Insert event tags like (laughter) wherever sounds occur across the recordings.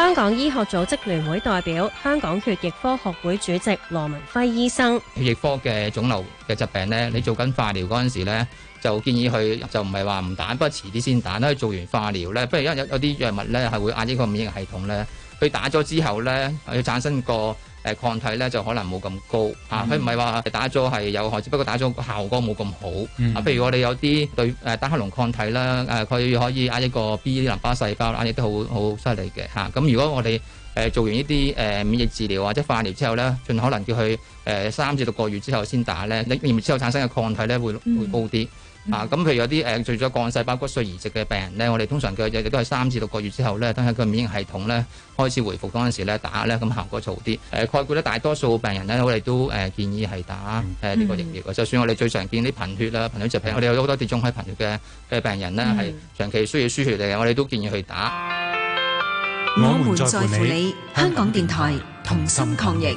香港醫學組織聯會代表、香港血液科學會主席羅文輝醫生：血液科嘅腫瘤嘅疾病呢，你做緊化療嗰陣時呢，就建議佢就唔係話唔打，不過遲啲先打啦。去做完化療呢，不如因為有有啲藥物呢係會壓呢個免疫系統呢，佢打咗之後呢，佢產生個。誒抗體咧就可能冇咁高啊！佢唔係話打咗係有害，只不過打咗效果冇咁好啊、嗯。譬如我哋有啲對誒單克隆抗體啦，誒佢可以壓一個 B 淋巴細胞，壓亦都好好犀利嘅嚇。咁如果我哋誒做完呢啲誒免疫治療或者化療之後咧，盡可能叫佢誒三至六個月之後先打咧，你然之後產生嘅抗體咧會會高啲。嗯嗯、啊，咁譬如有啲誒，除咗幹細胞骨髓移植嘅病人咧，我哋通常嘅日日都係三至六個月之後咧，等下個免疫系統咧開始回復嗰陣時咧打咧，咁效果好啲。誒、呃，概括大多數病人咧，我哋都、呃、建議係打呢、嗯呃這個疫苗嘅。就算我哋最常見啲貧血啦、貧血疾病，我哋有好多跌中喺貧血嘅嘅病人咧，係、嗯、長期需要輸血嚟嘅，我哋都建議去打。我們在乎你、嗯，香港電台同心抗疫。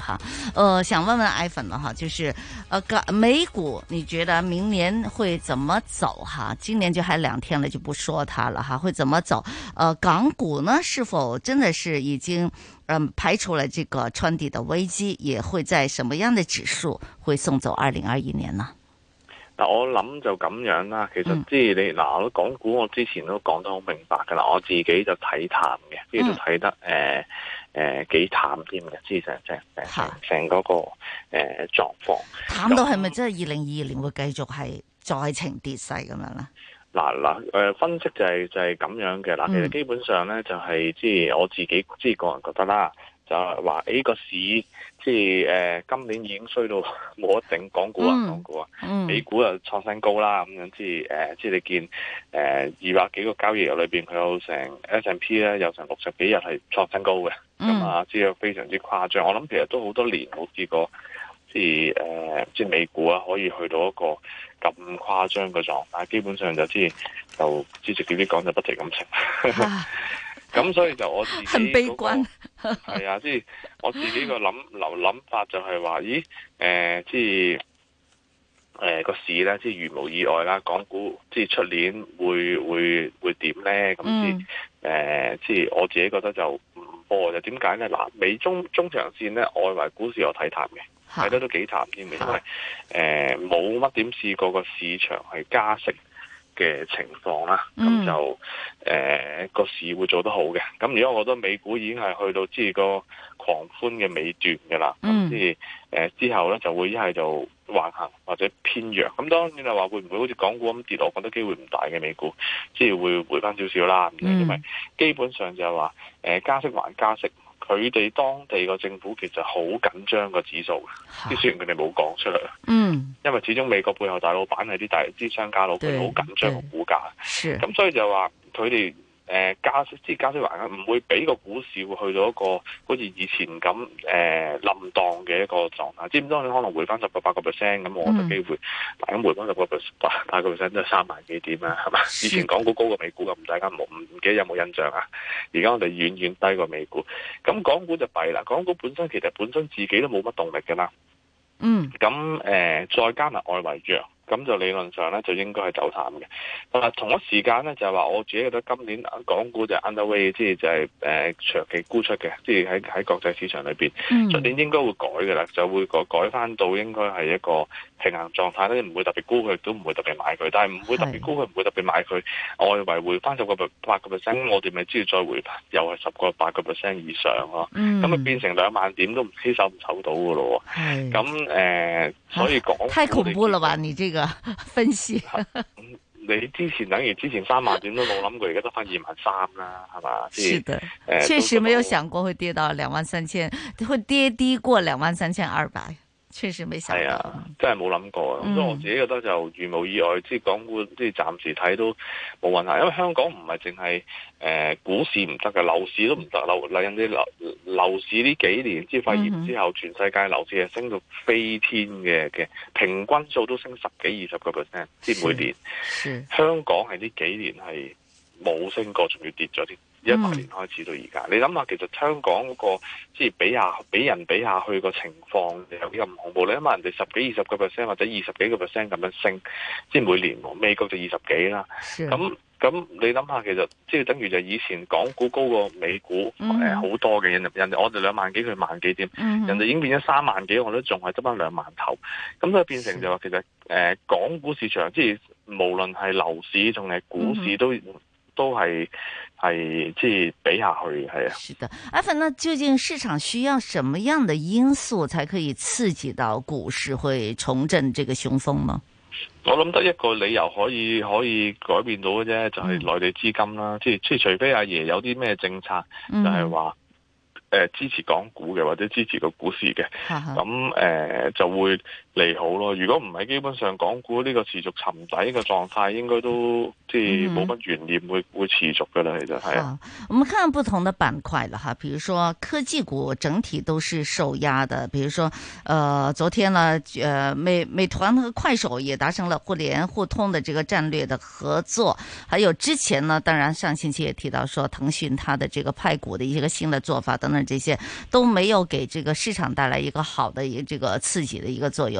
哈，呃，想問問艾粉啦，哈，就是，呃，港美股你覺得明年會怎麼走？哈，今年就還兩天了，就不說它了，哈，會怎麼走？呃，港股呢，是否真的是已經，嗯，排除了這個穿底的危機，也會在什麼樣的指數會送走二零二一年呢？嗱，我諗就咁樣啦。其實即係你嗱、嗯，港股我之前都講得好明白噶啦，我自己就睇淡嘅，亦都睇得誒。嗯呃誒，幾淡啲嘅，即係即成嗰個誒狀況，淡到係咪即係二零二二年會繼續係再呈跌勢咁樣咧？嗱、啊、嗱，誒、啊、分析就係、是、就係、是、咁樣嘅，嗱其實基本上咧就係即係我自己即係個人覺得啦，就話呢個市。即係誒，今年已經衰到冇得頂，港股啊、嗯，港股啊、嗯，美股又創新高啦，咁、嗯、樣，即係誒，即、呃、係你見誒二百幾個交易日裏邊，佢有成 S n P 咧有成六十幾日係創新高嘅，咁、嗯、啊，即係非常之誇張。我諗其實都好多年冇見過，即係誒，即係美股啊可以去到一個咁誇張嘅狀態，基本上就即係就支持啲啲講就不停咁升。咁、啊、 (laughs) 所以就我自己、那個、很悲觀。係 (laughs) 啊，即、就、係、是、我自己個諗諗諗法就係話，咦，誒、呃，即係誒個市咧，即係如無意外啦，港股即係出年會會會點咧？咁即係誒，即、嗯、係我自己覺得就唔波就點解咧？嗱，美中中長線咧，外圍股市我睇淡嘅，睇得都幾淡添嘅，因為誒冇乜點試過個市場係加息。嘅情況啦，咁就誒個、mm. 呃、市會做得好嘅。咁如果我覺得美股已經係去到即係個狂歡嘅尾段嘅啦，即、mm. 係之後咧就會一係就橫行或者偏弱。咁當然就話會唔會好似港股咁跌落？我覺得機會唔大嘅美股，即係會回翻少少啦。咁、mm. 因為基本上就係話、呃、加息還加息。佢哋當地個政府其實好緊張個指數，啲雖然佢哋冇講出嚟，嗯，因為始終美國背後大老闆係啲大啲商家佬，佬，佢好緊張個股價，咁所以就話佢哋。誒加息，即係加息環境，唔會俾個股市會去到一個好似以前咁誒冧檔嘅一個狀態。知唔知你可能回翻十個八個 percent 咁，冇乜機會。咁、嗯、回翻十個八個 percent 都係三萬幾點啊，係嘛？以前港股高過美股嘅，唔大家冇唔記得有冇印象啊？而家我哋遠遠低過美股。咁港股就弊啦，港股本身其實本身自己都冇乜動力㗎啦。嗯。咁誒、呃，再加埋外圍弱。咁就理論上咧，就應該係走淡嘅。嗱，同一時間咧，就係話我自己覺得今年港股就 underweight，即係就係、是、誒、呃、長期沽出嘅。即係喺喺國際市場裏邊、嗯，今年應該會改嘅啦，就會改改翻到應該係一個平衡狀態咧，唔會特別沽佢，都唔會特別買佢。但係唔會特別沽佢，唔會特別買佢，外圍回翻十個八個 percent，我哋咪知再回又係十個八個 percent 以上咯。咁、嗯、咪變成兩萬點都唔知守唔守到嘅咯。咁誒、呃，所以港、啊、太恐怖啦吧？你 (laughs) 分析 (laughs) ，你之前等於之前三萬點都冇諗過，而家得翻二萬三啦，係嘛？是的，呃，確實沒有想過會跌到兩萬三千，會跌低過兩萬三千二百。確實冇想，係啊，真係冇諗過啊！咁、嗯、所以我自己覺得就如無意外，即係港股，即係暫時睇都冇問題。因為香港唔係淨係誒股市唔得嘅，樓市都唔得。樓、引啲樓樓市呢幾年，即係肺炎之後、嗯，全世界樓市係升到飛天嘅嘅，平均數都升十幾二十個 percent，即係每年。是是香港係呢幾年係冇升過，仲要跌咗添。一百年開始到而家、嗯，你諗下其實香港嗰、那個即係比下比人比下去個情況有幾咁恐怖，你諗下人哋十幾二十個 percent 或者二十幾個 percent 咁樣升，即係每年美國就二十幾啦。咁咁你諗下其實即係等於就以前港股高過美股誒好、嗯呃、多嘅人，人家我哋兩萬幾佢萬幾點，嗯、人哋已經變咗三萬幾，我都仲係得翻兩萬頭。咁都變成就話其實誒、呃、港股市場即係無論係樓市仲係股市都、嗯、都係。係即係比下去係啊，是的，阿芬，那究竟市場需要什麼樣的因素才可以刺激到股市會重振這個雄風呢？我諗得一個理由可以可以改變到嘅啫，就係內地資金啦，嗯、即係除非阿爺有啲咩政策，就係話誒支持港股嘅或者支持個股市嘅，咁誒、嗯呃、就會。利好咯，如果唔係，基本上港股呢個持續沉底嘅狀態，應該都即係冇乜懸念會會持續嘅啦。其實係啊，我們看，看不同的板塊啦，哈，比如說科技股整體都是受壓的，比如說，誒、呃，昨天呢，誒、呃，美美團和快手也達成了互聯互通的這個戰略的合作，還有之前呢，當然上星期也提到說騰訊它的這個派股的一個新的做法等等，這些都沒有給這個市場帶來一個好的一個這個刺激的一個作用。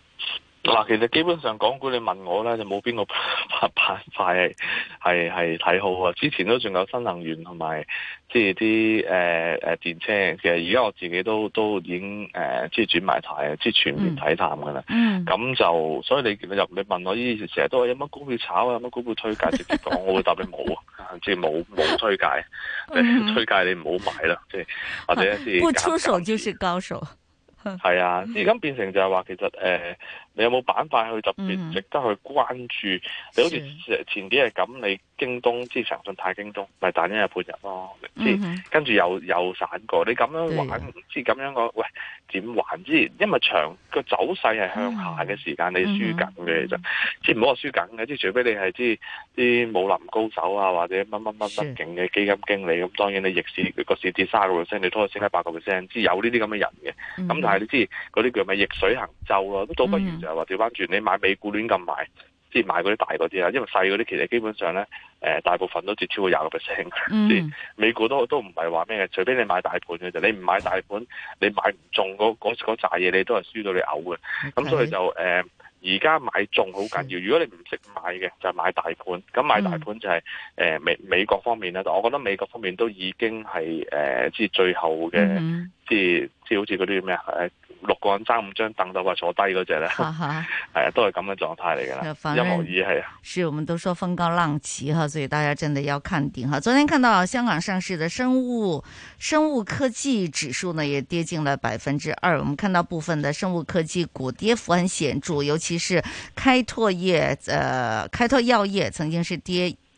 嗱，其實基本上港股你問我咧，就冇邊個板塊係係係睇好啊。之前都仲有新能源同埋即係啲誒誒電車，其實而家我自己都都已經誒即係轉埋台，即、呃、係全面睇淡噶啦。咁、嗯、就所以你見到入，你問我呢，成日都話有乜股票炒啊，有乜股票推介，直接講 (laughs) 我會答你冇啊，即係冇冇推介，嗯、 (laughs) 推介你唔好買啦，即係或者一啲不出手就是高手。係 (laughs) 啊，而家變成就係話其實誒。呃你有冇板塊去特別值得去關注？Mm -hmm. 你好似前幾日咁，你京東之長信太京東咪彈一日半日咯，你知、mm -hmm. 跟住又又散過。你咁樣玩，唔、mm -hmm. 知咁樣講喂點玩？知因為長個走勢係向下嘅時間，mm -hmm. 你輸緊嘅啫。知唔好話輸緊嘅，知除非你係知啲武林高手啊，或者乜乜乜乜勁嘅基金經理咁。Mm -hmm. 當然你逆市、個市跌三個 percent，你拖升翻八個 percent，知有呢啲咁嘅人嘅。咁、mm -hmm. 但係你知嗰啲叫咩逆水行舟咯、啊？都倒不如、mm。-hmm. 就係話掉翻轉，你買美股亂咁買，即係買嗰啲大嗰啲啦，因為細嗰啲其實基本上咧，誒大部分都跌超過廿個 percent。嗯、mm.，美股都都唔係話咩嘅，除非你買大盤嘅啫。你唔買大盤，你買唔中嗰嗰嗰扎嘢，你都係輸到你嘔嘅。咁、okay. 所以就誒，而、呃、家買中好緊要。如果你唔識買嘅，就係買大盤。咁買大盤就係誒美美國方面啦。我覺得美國方面都已經係誒，即、呃、係最後嘅。Mm -hmm. 即即好似嗰啲咩啊，六個人爭五張凳度話坐低嗰隻咧，係啊， (laughs) 都係咁嘅狀態嚟噶啦，一模二係啊。是我們都說風高浪急，哈，所以大家真的要看定哈。昨天看到香港上市的生物生物科技指數呢，也跌近了百分之二。我們看到部分的生物科技股跌幅很顯著，尤其是開拓業，呃，開拓藥業曾經是跌。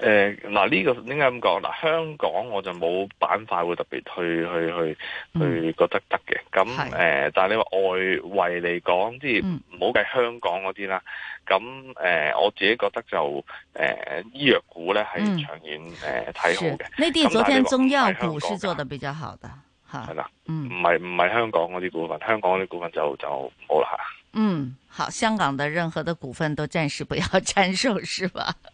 誒、呃，嗱、這、呢個點解咁講？嗱、呃，香港我就冇板塊會特別去、嗯、去去去覺得得嘅。咁誒、呃，但係你話外圍嚟講，即係唔好計香港嗰啲啦。咁誒、呃，我自己覺得就誒、呃、醫藥股咧係長遠誒睇好嘅。內地昨天中藥股是做得比較好的，係啦。嗯，唔係唔係香港嗰啲股份，香港嗰啲股份就就冇啦。嗯，好，香港的任何的股份都暫時不要沾手，是吧？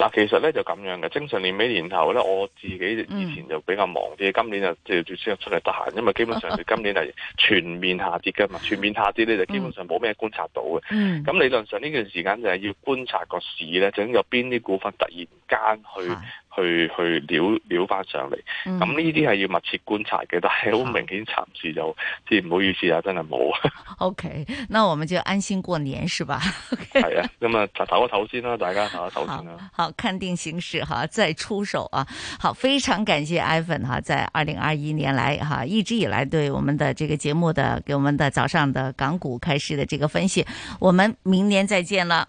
嗱，其實咧就咁樣嘅，正常年尾年頭咧，我自己以前就比較忙啲、嗯，今年就即係最適合出嚟得閒，因為基本上佢今年係全面下跌㗎嘛， (laughs) 全面下跌咧就基本上冇咩觀察到嘅。咁、嗯、理論上呢段時間就係要觀察個市咧，究竟有邊啲股份突然間去，嗯去去撩撩翻上嚟，咁呢啲係要密切觀察嘅、嗯，但係好明顯暫時就，即係唔好意思啊，真係冇。O、okay, K，那我們就安心過年，是吧？係、okay. (laughs) 啊，咁啊，唞一唞先啦，大家唞一唞先啦。好，看定形勢哈，再出手啊！好，非常感謝艾粉哈，在二零二一年來哈，一直以來對我們的這個節目的，給我們的早上的港股開市的這個分析，我們明年再見了。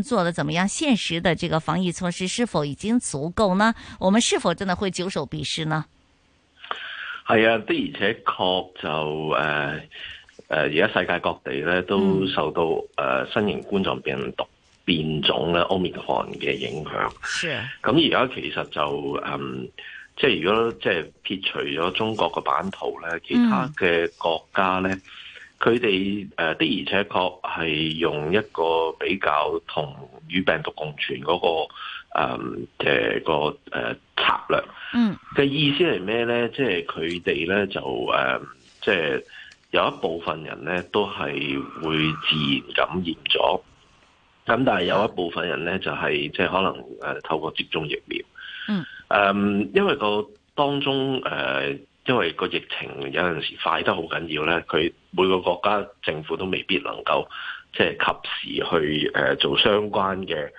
做得怎麼樣？現實的這個防疫措施是否已經足夠呢？我們是否真的會久守必失呢？係啊，的而且確就誒誒，而、呃、家、呃、世界各地咧都受到誒、呃、新型冠狀病毒變種咧奧密克戎嘅影響。是啊。咁而家其實就誒、嗯，即係如果即係撇除咗中國嘅版圖咧，其他嘅國家咧。嗯佢哋誒的而且確係用一個比較同與病毒共存嗰、那個嘅、嗯呃、個誒、呃、策略。嗯嘅意思係咩咧？即係佢哋咧就誒即係有一部分人咧都係會自然感染咗。咁但係有一部分人咧就係即係可能誒透過接種疫苗。嗯誒、嗯，因為個當中誒。呃因為個疫情有陣時快得好緊要咧，佢每個國家政府都未必能夠即係及時去誒做相關嘅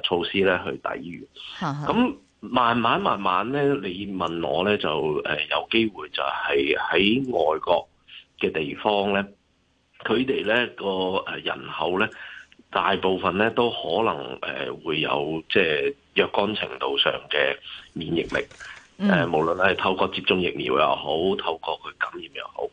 誒措施咧去抵禦。咁慢慢慢慢咧，你問我咧就誒有機會就係喺外國嘅地方咧，佢哋咧個誒人口咧大部分咧都可能誒會有即係若干程度上嘅免疫力。誒、嗯，無論係透過接種疫苗又好，透過佢感染又好，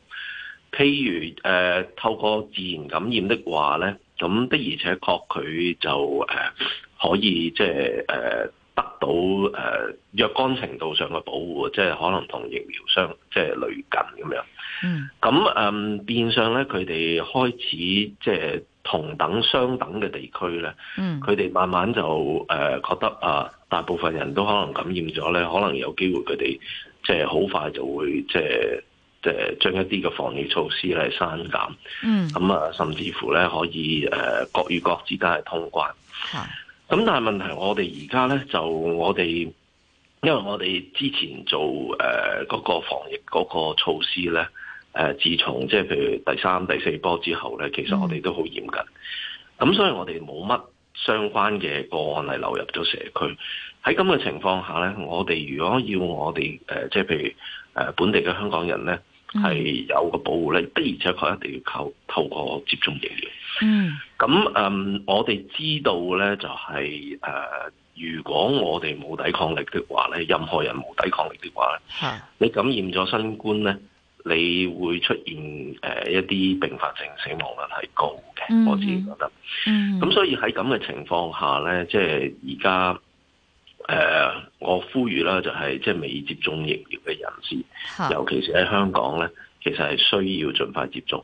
譬如誒、呃、透過自然感染的話咧，咁的而且確佢就誒、呃、可以即係誒得到誒、呃、若干程度上嘅保護，即係可能同疫苗相即係類近咁樣。嗯，咁誒變相咧，佢哋開始即係。同等相等嘅地區咧，佢、嗯、哋慢慢就誒覺得啊，大部分人都可能感染咗咧，可能有機會佢哋即係好快就會即係誒將一啲嘅防疫措施咧刪減，咁、嗯、啊甚至乎咧可以誒國與國之間嘅通關。咁、嗯、但係問題是我們現在，我哋而家咧就我哋因為我哋之前做誒嗰個防疫嗰個措施咧。誒，自從即係譬如第三、第四波之後咧，其實我哋都好嚴格，咁、嗯、所以我哋冇乜相關嘅個案係流入咗社區。喺咁嘅情況下咧，我哋如果要我哋，誒、呃，即係譬如誒本地嘅香港人咧，係、嗯、有個保護力，的而且確一定要靠透過接種疫苗。嗯。咁嗯，我哋知道咧，就係、是、誒、呃，如果我哋冇抵抗力嘅話咧，任何人冇抵抗力嘅話咧，你感染咗新冠咧。你會出現誒一啲併發症，死亡率係高嘅，mm -hmm. 我自己覺得。嗯，咁所以喺咁嘅情況下咧，即係而家誒，我呼籲啦，就係即係未接種疫苗嘅人士，ha. 尤其是喺香港咧，其實係需要盡快接種。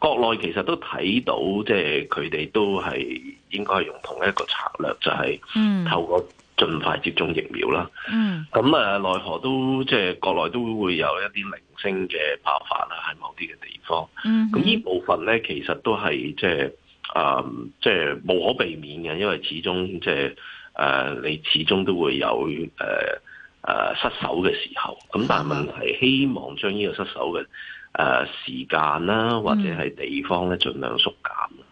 國內其實都睇到，即係佢哋都係應該係用同一個策略，就係、是、透過、mm。-hmm. 盡快接種疫苗啦。嗯，咁啊，奈何都即係、就是、國內都會有一啲零星嘅爆發啦，喺某啲嘅地方。嗯，咁呢部分咧，其實都係即係啊，即、呃、係無可避免嘅，因為始終即係誒，你始終都會有誒誒、呃呃、失手嘅時候。咁但係問題係希望將呢個失手嘅誒時間啦，或者係地方咧，儘量縮減。嗯。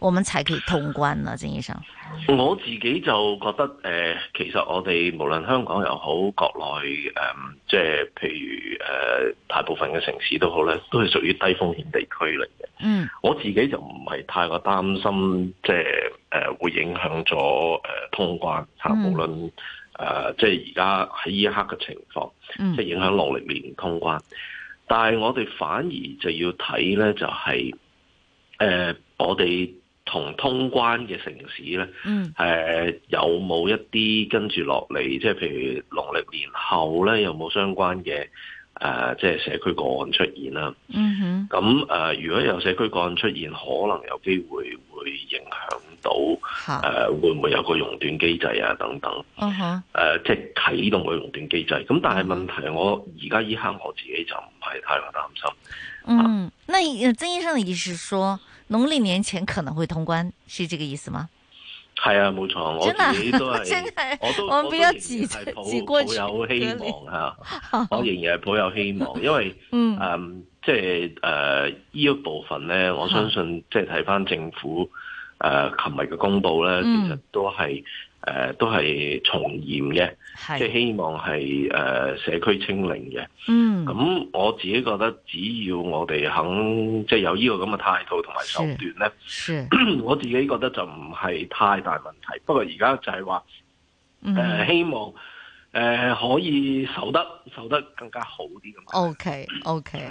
我們才可以通關呢，鄭醫生。我自己就覺得，誒、呃，其實我哋無論香港又好，國內誒、嗯，即係譬如誒、呃，大部分嘅城市都好咧，都係屬於低風險地區嚟嘅。嗯，我自己就唔係太過擔心，即係誒、呃、會影響咗誒通關吓，無論誒即係而家喺呢一刻嘅情況，即係影響農曆年通關。但係、嗯呃嗯嗯、我哋反而就要睇咧，就係、是、誒、呃、我哋。同通關嘅城市咧，誒、嗯呃、有冇一啲跟住落嚟？即係譬如農曆年後咧，有冇相關嘅誒、呃，即係社區個案出現啦？咁、嗯、誒、嗯呃，如果有社區個案出現，可能有機會會影響到誒、呃，會唔會有個熔斷機制啊？等等誒、嗯呃，即係啟動個熔斷機制。咁但係問題係我，我而家依刻我自己就唔係太過擔心。嗯，啊、那曾醫生嘅意思係說？農曆年前可能會通關，係呢個意思嗎？係啊，冇錯，我自己都係，我都 (laughs) 我其實係抱抱有希望嚇、 (laughs) 啊，我仍然係抱有希望，因為 (laughs) 嗯，嗯，嗯，嗯，嗯，嗯，即係誒呢一部分咧，我相信即係睇翻政府誒琴日嘅公佈咧、嗯，其實都係。誒、呃，都係從嚴嘅，即係希望係誒、呃、社區清零嘅。嗯，咁我自己覺得，只要我哋肯，即係有呢個咁嘅態度同埋手段咧 (coughs) 我自己覺得就唔係太大問題。不過而家就係話，誒、呃嗯、希望誒、呃、可以守得守得更加好啲咁。OK OK。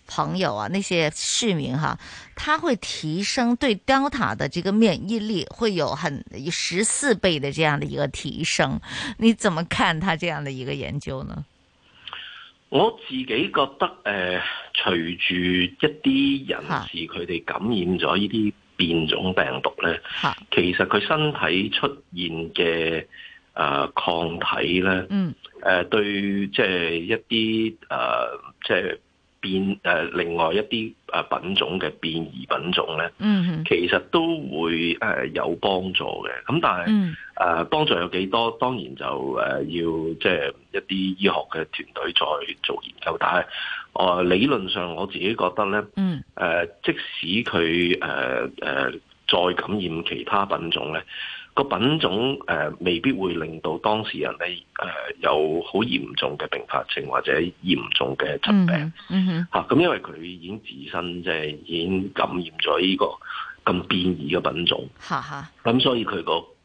朋友啊，那些市民哈、啊，他會提升對 Delta 的這個免疫力，會有很十四倍的這樣的一個提升。你怎麼看他這樣的一個研究呢？我自己覺得誒、呃，隨住一啲人士佢哋感染咗呢啲變種病毒咧、啊，其實佢身體出現嘅誒、呃、抗體咧，嗯，誒、呃、對，即係一啲誒、呃、即係。變、呃、另外一啲誒品種嘅變異品種咧，mm -hmm. 其實都會誒、呃、有幫助嘅。咁但係誒、mm -hmm. 呃、幫助有幾多，當然就誒要、呃、即係一啲醫學嘅團隊再做研究。但係、呃、理論上我自己覺得咧、mm -hmm. 呃，即使佢誒、呃呃、再感染其他品種咧。個品種誒、呃，未必會令到當事人咧誒、呃，有好嚴重嘅併發症或者嚴重嘅疾病。嗯哼，吓、嗯、咁、啊，因為佢已經自身即係已經感染咗呢個咁變異嘅品種。吓吓，咁、啊、所以佢個。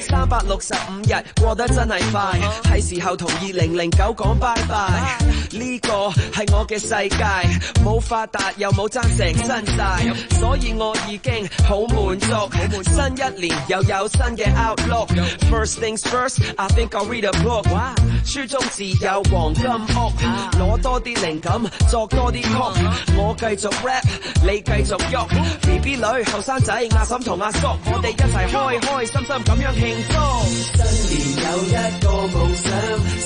三百六十五日過得真係快，係、uh -huh. 時候同二零零九講拜拜。呢個係我嘅世界，冇發達又冇爭成身債，uh -huh. 所以我已經好滿足。Uh -huh. 新一年又有新嘅 outlook、uh -huh. First things first，I think I read a book、uh -huh. 書中自有黃金屋，攞、uh -huh. 多啲靈感作多啲曲。Uh -huh. 我繼續 rap，你繼續喐 B B 女後生仔，阿嬸同阿叔，uh -huh. 我哋一齊開開心心咁樣新年有一個夢想，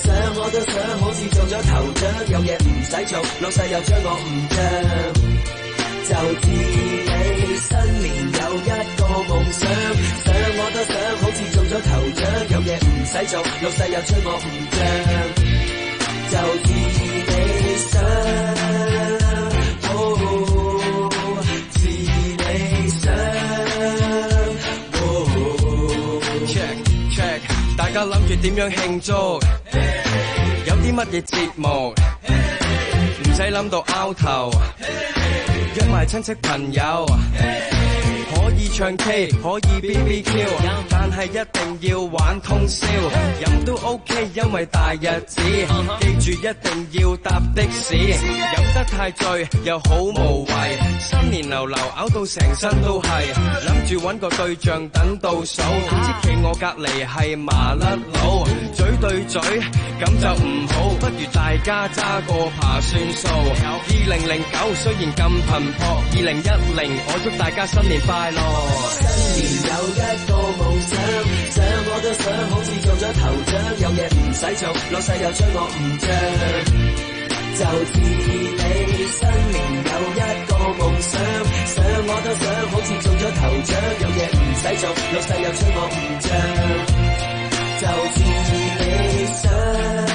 想我都想，好似做咗頭獎，有嘢唔使做，老世又催我唔着，就自你。新年有一個夢想，想我都想，好似做咗頭獎，有嘢唔使做，老世又催我唔着，就自你想。家諗住點樣慶祝？有啲乜嘢節目？唔使諗到拗頭，約埋親戚朋友。可以唱 K，可以 B B Q，yeah. 但係一定要玩通宵，飲、yeah. 都 O、okay, K，因為大日子。Uh -huh. 記住一定要搭的士，飲、uh -huh. 得太醉又好無謂，yeah. 新年流流嘔到成身都係，諗住搵個對象等到手，點、uh -huh. 知企我隔籬係麻甩佬，uh -huh. 嘴對嘴，咁就唔好，uh -huh. 不如大家揸個爬算數。二零零九雖然咁頻撲，二零一零我祝大家新年快樂。新年有一個夢想，想我都想，好似做咗頭獎，有嘢唔使做，老世又吹我唔着。就似你新年有一個夢想，想我都想，好似做咗頭獎，有嘢唔使做，老世又吹我唔着。就似你想。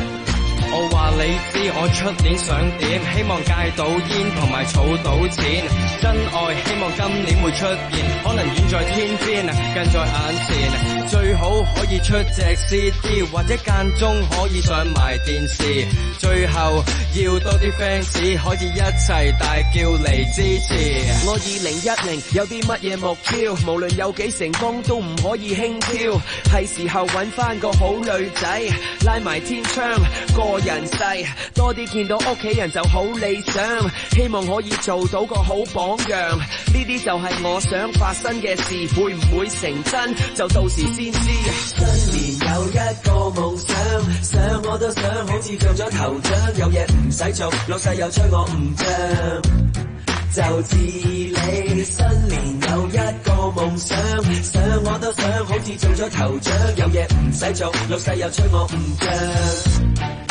你知我出年想點？希望戒到煙同埋儲到錢，真愛希望今年會出現，可能遠在天邊，近在眼前。最好可以出隻 CD，或者間中可以上埋電視。最後要多啲 fans，可以一齊大叫嚟支持。我二零一零有啲乜嘢目標？無論有幾成功都唔可以輕佻，係時候揾翻個好女仔，拉埋天窗，個人。多啲見到屋企人就好理想，希望可以做到個好榜樣。呢啲就係我想發生嘅事，會唔會成真就到時先知。新年有一個夢想，想我都想好似中咗頭獎，有嘢唔使做，老細又吹我唔漲。就自理。新年有一個夢想，想我都想好似中咗頭獎，有嘢唔使做，老細又吹我唔漲。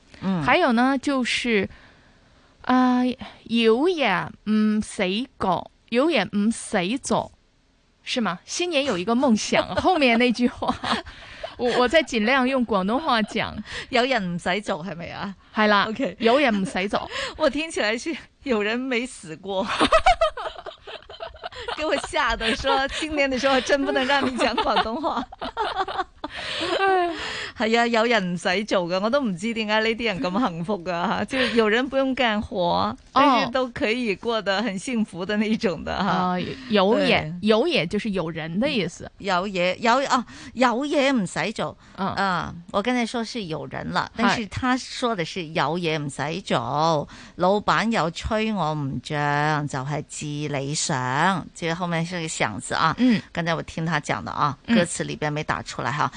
嗯、還有呢，就是，啊、呃，有也唔使搞，有也唔使做，是嗎？新年有一個夢想， (laughs) 後面那句話，我我在盡量用廣東話講， (laughs) 有也唔使做，係咪啊？係啦，OK，有也唔使做， (laughs) 我聽起來是有人沒死過， (laughs) 給我嚇得，說青年的時候真不能讓你講廣東話。 (laughs) .係 (laughs) 啊、哎，有人唔使做噶，我都唔知點解呢啲人咁幸福噶，即係有人不用幹 (laughs) 活，跟住都可以過得很幸福的那種的、哦、啊，有嘢，有嘢就是有人的意思。有、嗯、嘢，有哦，有嘢唔使做。啊，我剛才說是有人啦、嗯，但是他說的是有嘢唔使做。老闆有催我唔漲，就係指理想。即係後面是個「想」字啊。嗯，剛才我聽他講的啊、嗯、歌詞裏邊沒打出來哈、啊。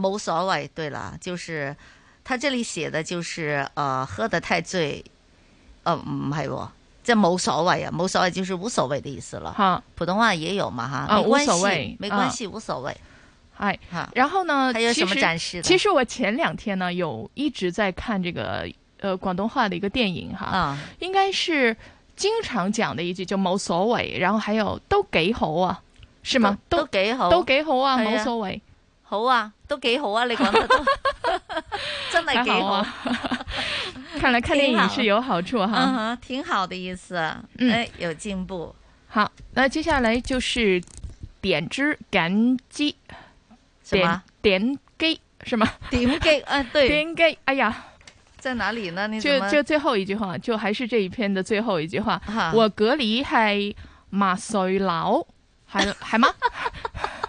冇所謂，對啦，就是他這裏寫的就是呃，喝得太醉，呃、嗯，唔係，即冇所謂啊，冇所謂就是無所謂的意思了。哈，普通話也有嘛，哈，啊、嗯，冇所謂，沒關係，無所謂。嗨、嗯嗯，然後呢？還有什麼展示其？其實我前兩天呢，有一直在看這個呃廣東話的一個電影哈，嗯、應該是經常講的一句就冇所謂，然後還有都幾好啊，是嗎？都幾好，都幾好啊，冇、哎、所謂。好啊，都幾好啊，你講得都 (laughs) 真係幾好、啊。睇、啊、 (laughs) 看來看電影是有好處好哈、嗯，挺好的意思、啊。嗯、哎，有進步。好，那接下來就是點知感激，點點擊是嗎？點擊，啊對，點擊，哎呀，在哪裏呢？就就最後一句話，就還是這一篇的最後一句話。我隔離係麥穗佬，係？係嗎？ (laughs)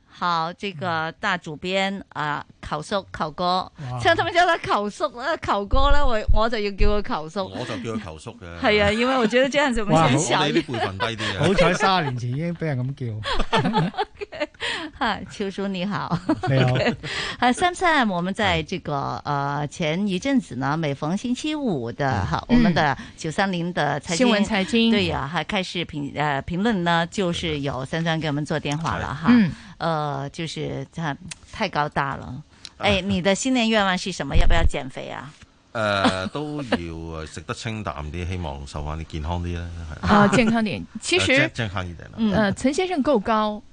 好，這個大主編啊，球叔球哥，哇像他們叫他球叔咧、球哥呢，我我就要叫佢球叔，我就叫佢球叔嘅。係 (laughs) 啊，因為我覺得這樣就唔正常。好，你啲輩分低啲、啊、 (laughs) 好彩卅年前已經俾人咁叫。係 (laughs) okay，啊，球叔你好。你好好。 (laughs) 啊，三三，我們在這個誒、呃、前一陣子呢，每逢星期五的哈， (laughs) 嗯、我們的九三零的財經新聞財經，經對呀、啊，還開始評誒評論呢，就是有三三給我們做電話啦，哈吧。嗯呃，就是太高大了。哎、欸啊，你的新年願望是什麼？要不要減肥啊？呃，都要食得清淡啲， (laughs) 希望瘦翻啲，健康啲啦、 (laughs) 啊。啊，健康啲。其實，健康嗯、呃，陳先生夠高。 (laughs)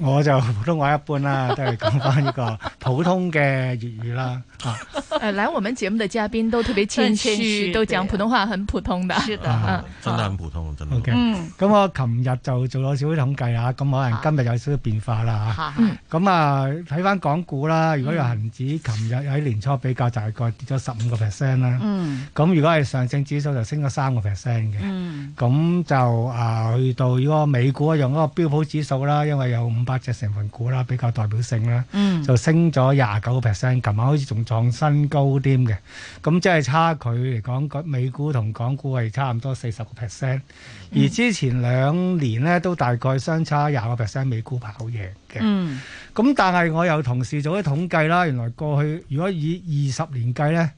我就普通話一般啦，都係講翻呢個普通嘅粵語啦。誒，來我們節目的嘉賓都特別謙虛，都講普通話很普通的。是的，真係很普通，真的。O.K. 咁我琴日就做咗少少統計啊，咁可能今日有少少變化啦。嚇，咁啊睇翻港股啦，如果有恆指，琴日喺年初比較大概跌咗十五個 percent 啦。嗯。咁如果係上證指數就升咗三個 percent 嘅。嗯。咁就啊去到如果美股啊用嗰個標普指數啦，因為有五八隻成分股啦，比較代表性啦，就升咗廿九個 percent，琴晚好似仲創新高添嘅。咁即係差距嚟講，美股同港股係差唔多四十個 percent，而之前兩年咧都大概相差廿個 percent，美股跑贏嘅。咁、嗯、但係我又同事做咗統計啦，原來過去如果以二十年計咧，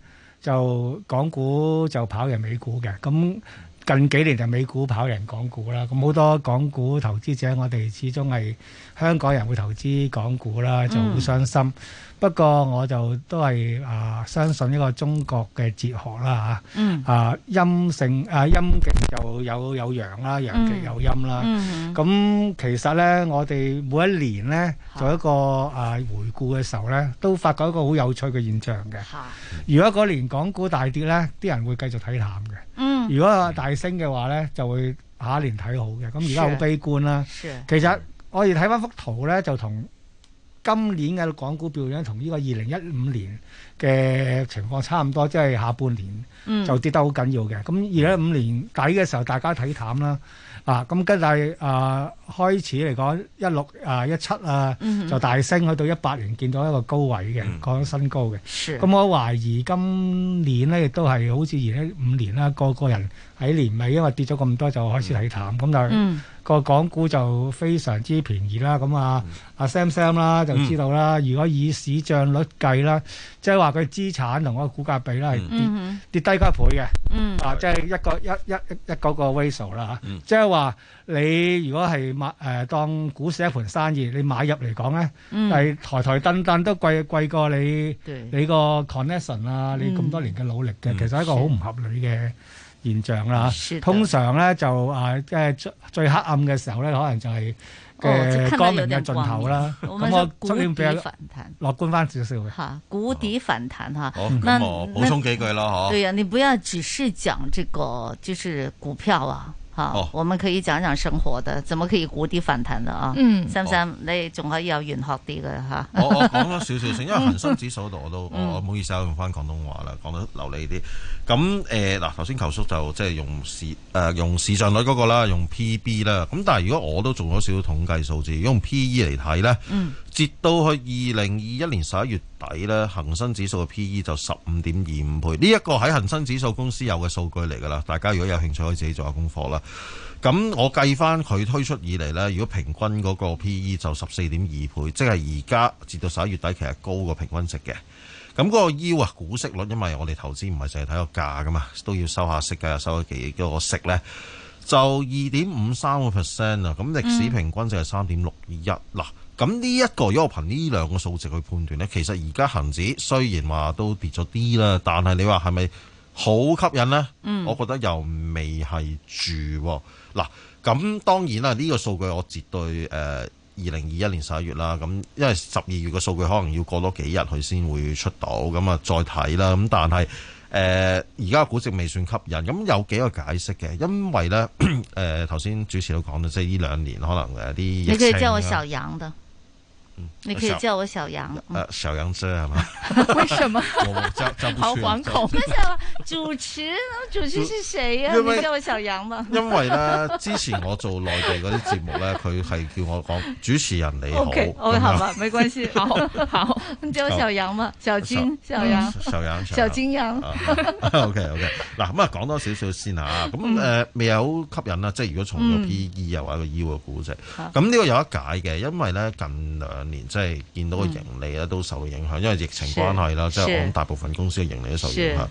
就港股就跑贏美股嘅。咁近幾年就美股跑贏港股啦，咁好多港股投資者，我哋始終係香港人會投資港股啦，就好傷心。嗯不過我就都係啊，相信呢個中國嘅哲學啦、啊、嗯音啊陰性啊陰極就有有陽啦，陽極有陰啦。咁、嗯嗯、其實咧，我哋每一年咧做一個啊,啊回顧嘅時候咧，都發覺一個好有趣嘅現象嘅、啊。如果嗰年港股大跌咧，啲人會繼續睇淡嘅、嗯。如果大升嘅話咧，就會下一年睇好嘅。咁而家好悲觀啦。其實我哋睇返幅圖咧，就同。今年嘅港股表現同呢個二零一五年嘅情況差唔多，即係下半年就跌得好緊要嘅。咁二零一五年底嘅時候，大家睇淡啦。啊，咁跟住啊開始嚟講，一六啊一七啊就大升，去、嗯、哼到一八年見到一個高位嘅講新高嘅。咁、嗯、我懷疑今年咧亦都係好似二零一五年啦，個個人喺年尾因為跌咗咁多就開始睇淡。咁、嗯、但係是、嗯個港股就非常之便宜啦，咁啊，阿、嗯啊、Sam Sam 啦就知道啦、嗯。如果以市帳率計啦、嗯，即係話佢資產同個股價比啦係跌、嗯、跌低咗一倍嘅、嗯，啊，嗯、即係一個一一一嗰個 ratio 啦嚇。即係話你如果係買誒、呃、當股市一盤生意，你買入嚟講咧，係、嗯就是、台台凳凳都貴貴過你你個 connection 啊，嗯、你咁多年嘅努力嘅、嗯，其實係一個好唔合理嘅。現象啦，通常咧就誒即係最最黑暗嘅時候咧，可能就係、是、嘅、哦、光明嘅盡頭啦。咁我出現比較樂觀翻少少。好，谷底反彈哈。好、 (laughs) 啊，咁、啊嗯、我補充幾句咯嚇。對啊，你不要只是講這個，就是股票啊。哦，我們可以講講生活的，怎麼可以谷底反彈的啊？嗯，使唔使你仲可以有玄學啲嘅？吓？我我講咗少少先， (laughs) 因為恆生指數度我都，我、嗯、哦、唔好意思，我用翻廣東話啦，講得流利啲。咁誒嗱，呃、頭先求叔就即係用市誒用市賬率嗰個啦，用 P B 啦。咁但係如果我都做咗少少統計數字，如果用 P E 嚟睇咧，嗯。截到去二零二一年十一月底咧，恒生指數嘅 P E 就十五點二五倍。呢一個喺恒生指數公司有嘅數據嚟噶啦。大家如果有興趣，可以自己做下功課啦。咁我計翻佢推出以嚟呢，如果平均嗰個 P E 就十四點二倍，即係而家截到十一月底，其實高過平均值嘅。咁嗰個 E 啊，股息率，因為我哋投資唔係淨係睇個價噶嘛，都要收下息，計下收咗幾多息呢，就二點五三個 percent 啊。咁歷史平均就係三點六一嗱。嗯咁呢一個，如果我憑呢兩個數值去判斷呢，其實而家恒指雖然話都跌咗啲啦，但係你話係咪好吸引呢、嗯？我覺得又未係住、啊。嗱、啊，咁當然啦，呢、呢個數據我絕對誒二零二一年十一月啦。咁因為十二月嘅數據可能要過多幾日佢先會出到，咁啊再睇啦。咁但係誒而家估值未算吸引。咁有幾個解釋嘅，因為呢，誒頭先主持都講到，即係呢兩年可能有啲你可以叫我小羊的。你可以叫我小楊、嗯，小楊啫係嘛？為什麼？ (laughs) 好惶恐。主持主持是誰啊？你叫我小楊嘛？因為咧，之前我做內地嗰啲節目咧，佢係叫我講主持人你好。Okay, 好 K，好嘛，沒關係。好，好好你叫我小楊嘛、喔？小金，小楊、啊，小楊，小金楊。O K，O K。嗱，咁啊，講多少少先吓。咁、嗯、誒、嗯呃，未有吸引啊，即係如果從 P E 又或者 E 嘅估值。咁呢個有一解嘅，因為咧近兩。年即係見到個盈利咧都受到影響，因為疫情關係啦，即係我諗大部分公司嘅盈利都受到影響。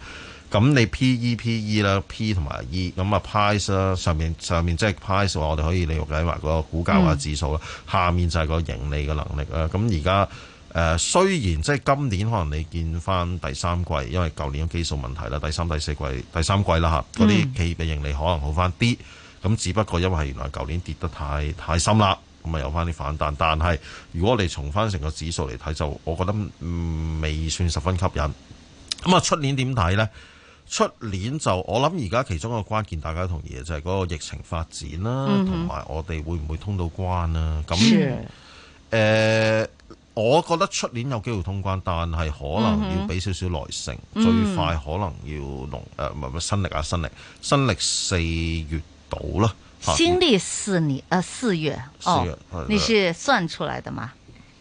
咁你 PEPE, P E P E 啦，P 同埋 E，咁啊 Price 啦，上面上面即係 Price 話我哋可以理解埋個股價或指數啦、嗯。下面就係個盈利嘅能力啦。咁而家誒雖然即係今年可能你見翻第三季，因為舊年嘅基數問題啦，第三第四季第三季啦嚇，嗰啲企業嘅盈利可能好翻啲。咁、嗯、只不過因為原來舊年跌得太太深啦。咁啊，有翻啲反彈，但係如果我哋從翻成個指數嚟睇，就我覺得、嗯、未算十分吸引。咁、嗯、啊，出年點睇呢？出年就我諗，而家其中一個關鍵，大家同意嘅就係嗰個疫情發展啦，同、mm、埋 -hmm. 我哋會唔會通到關啦、啊？咁誒、yeah. 呃，我覺得出年有機會通關，但係可能要俾少少耐性，mm -hmm. 最快可能要農誒唔係新歷啊，新歷新歷四月到啦。新曆四年，誒四、呃、月，哦，月哦，你是算出來的嗎？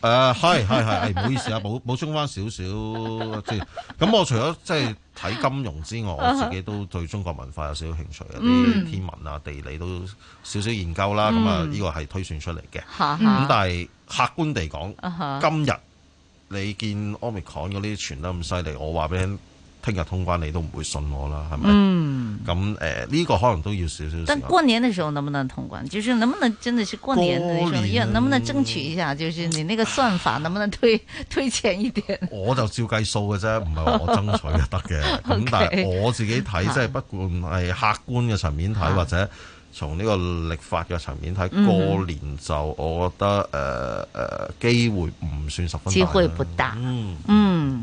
誒係係係，唔、哎、好意思啊，補補充翻少少，即係咁。我除咗即係睇金融之外，我自己都對中國文化有少少興趣，啲、嗯、天文啊、地理都少少研究啦。咁、嗯、啊，呢個係推算出嚟嘅。咁、嗯、但係客觀地講、嗯，今日你見 Omicron 嗰啲傳得咁犀利，我話俾你。聽日通關你都唔會信我啦，係咪？嗯。咁誒，呢、呃這個可能都要少少。但過年的時候能不能通關？就是能不能真的是過年的時候，能不能爭取一下？就是你那個算法能不能推、嗯、推前一點？我就照計數嘅啫，唔係話我爭取就得嘅。咁 (laughs) 但係我自己睇， (laughs) 即係不管係客觀嘅層面睇， (laughs) 或者從呢個立法嘅層面睇， (laughs) 過年就我覺得誒誒機會唔算十分大。機會不大。嗯。嗯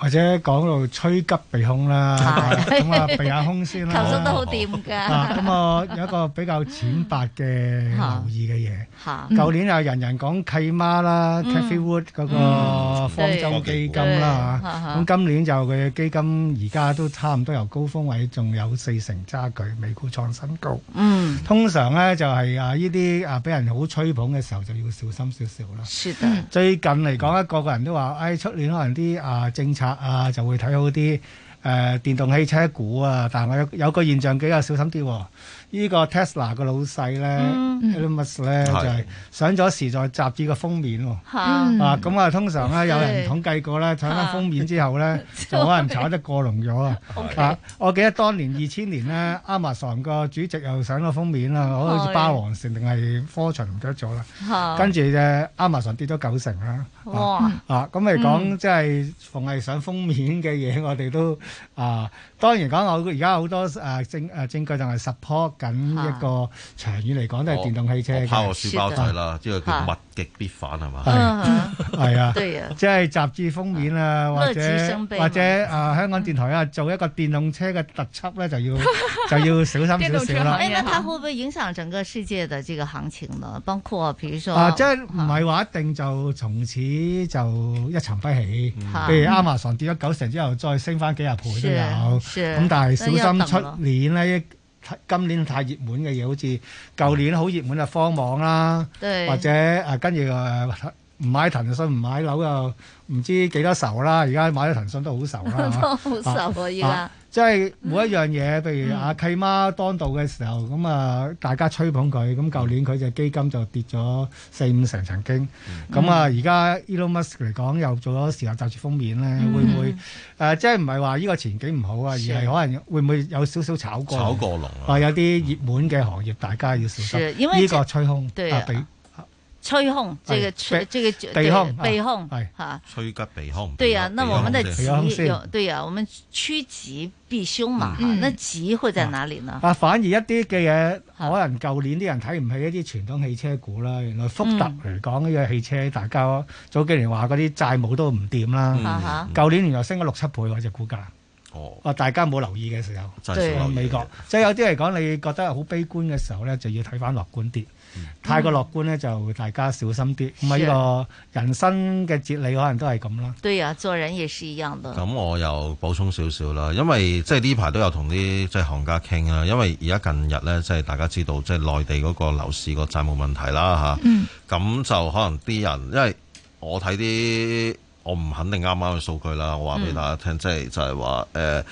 或者講到吹急、啊、避空啦，咁 (laughs) 啊避下空先啦。頭先都好掂㗎。咁啊有一個比較淺白嘅留意嘅嘢。嚇、嗯！舊年啊人人講契媽啦 Cathy Wood 嗰個方舟基金啦咁、啊啊嗯嗯、今年就佢基金而家都差唔多由高峰位，仲有四成差距，美股創新高。嗯。通常咧就係啊呢啲啊俾人好吹捧嘅時候，就要小心少少啦。最近嚟講，個、嗯、個人都話，哎，出年可能啲啊政策。啊，就會睇好啲誒、呃、電動汽車股啊！但係我有有個現象幾較小心啲喎、啊、呢、這個 Tesla 個老細咧、嗯嗯、Elon Musk 咧就係、是、上咗時代雜誌嘅封面喎、啊嗯。啊，咁啊，通常咧有人統計過咧，睇翻封面之後咧，就可能炒得過濃咗啊，啊，年年 (laughs) 啊！啊，我記得當年二千年咧，Amazon 個主席又上咗封面、啊、fortune，啦，好似霸王城定係科場唔記得咗啦，跟住 Amazon 跌咗九成啦。啊、哇！啊，咁嚟講即係逢係上封面嘅嘢、嗯，我哋都啊，當然講我而家好多誒、啊、證誒、啊、證據仲係 support 緊一個長遠嚟講都係電動汽車，嘅。我拋個書包仔啦，即係、啊這個、叫物極必反係嘛？係啊，啊， (laughs) 啊，啊，即係雜誌封面啊，啊或者或者啊，啊，香港電台啊，嗯、做一個電動車嘅特輯咧，就要 (laughs) 就要小心少少啦。 (laughs) 哎、它會唔會影響整個世界的這個行情呢？包括譬如說啊，啊，啊，啊，即係唔係話一定就從此。啲就一沉不起，嗯、譬如 Amazon 跌咗九成之後，再升翻幾廿倍都有。咁但係小心出年咧，今年太熱門嘅嘢，好似舊年好熱門就慌慌、嗯、啊，科網啦，或者啊跟住啊唔買騰訊唔買樓又唔知幾多愁啦。而家買咗騰訊都，愁 (laughs) 都好愁啦，好愁啊而家。啊即係每一樣嘢，譬如阿契媽當道嘅時候，咁、嗯、啊、嗯、大家吹捧佢，咁舊年佢隻基金就跌咗四五成曾經咁，啊而家 Elon Musk 嚟講又做咗時候雜誌封面咧、嗯，會唔會、呃、即係唔係話呢個前景唔好啊？而係可能會唔會有少少炒過炒過龍啊，啊？有啲熱門嘅行業、嗯，大家要小心呢、就是這個吹空，對啊！俾、啊吹空，這個吹，空係吓，吹吉鼻空。對啊，那我們的吉對啊，我們趨吉避凶嘛。嗯嗯、那吉會在哪裏呢？啊，反而一啲嘅嘢，可能舊年啲人睇唔起一啲傳統汽車股啦。原來福特嚟講嘅汽車，大家早幾年話嗰啲債務都唔掂啦。吓、嗯、舊、啊、年原來升咗六七倍喎隻股價。哦，啊，大家冇留意嘅時，時候，就係美國，即係有啲嚟講，你覺得好悲觀嘅時候咧，就要睇返樂觀啲。嗯、太過樂觀咧，就大家小心啲。唔係、啊，呢個人生嘅哲理可能都係咁啦。對呀、啊，做人也是一樣的。咁我又補充少少啦，因為即係呢排都有同啲即係行家傾啦。因為而家近日呢，即、就、係、是、大家知道，即係內地嗰個樓市個債務問題啦，吓、啊。嗯。咁就可能啲人，因為我睇啲，我唔肯定啱啱嘅數據啦。我話俾大家聽，即係、嗯、就係話，誒、呃。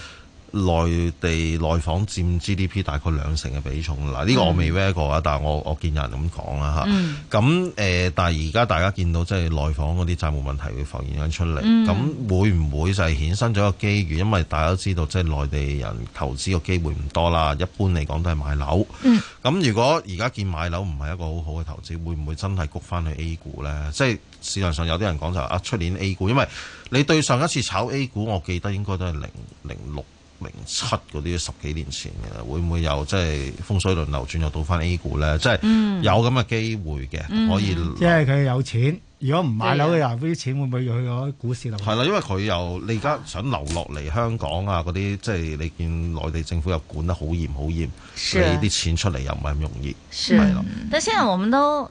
內地內房佔 GDP 大概兩成嘅比重，嗱、這、呢個我未 verify 過、嗯、啊，但係我我見有人咁講啦吓，咁誒，但係而家大家見到即係、就是、內房嗰啲債務問題會浮現緊出嚟，咁、嗯、會唔會就係衍生咗一個機遇？因為大家都知道即係、就是、內地人投資個機會唔多啦，一般嚟講都係買樓。咁、嗯、如果而家見買樓唔係一個好好嘅投資，會唔會真係谷翻去 A 股呢？即、就、係、是、市場上有啲人講就話、啊，出年 A 股，因為你對上一次炒 A 股，我記得應該都係零零六。零七嗰啲十幾年前嘅，會唔會有即係、就是、風水輪流轉又倒翻 A 股咧、嗯就是嗯？即係有咁嘅機會嘅，可以。即係佢有錢，如果唔買樓嘅人，啲錢會唔會去咗股市度？係啦，因為佢又。你而家想留落嚟香港啊，嗰啲即係你見內地政府又管得好嚴好嚴，你啲錢出嚟又唔係咁容易。係啦，但係其實我們都。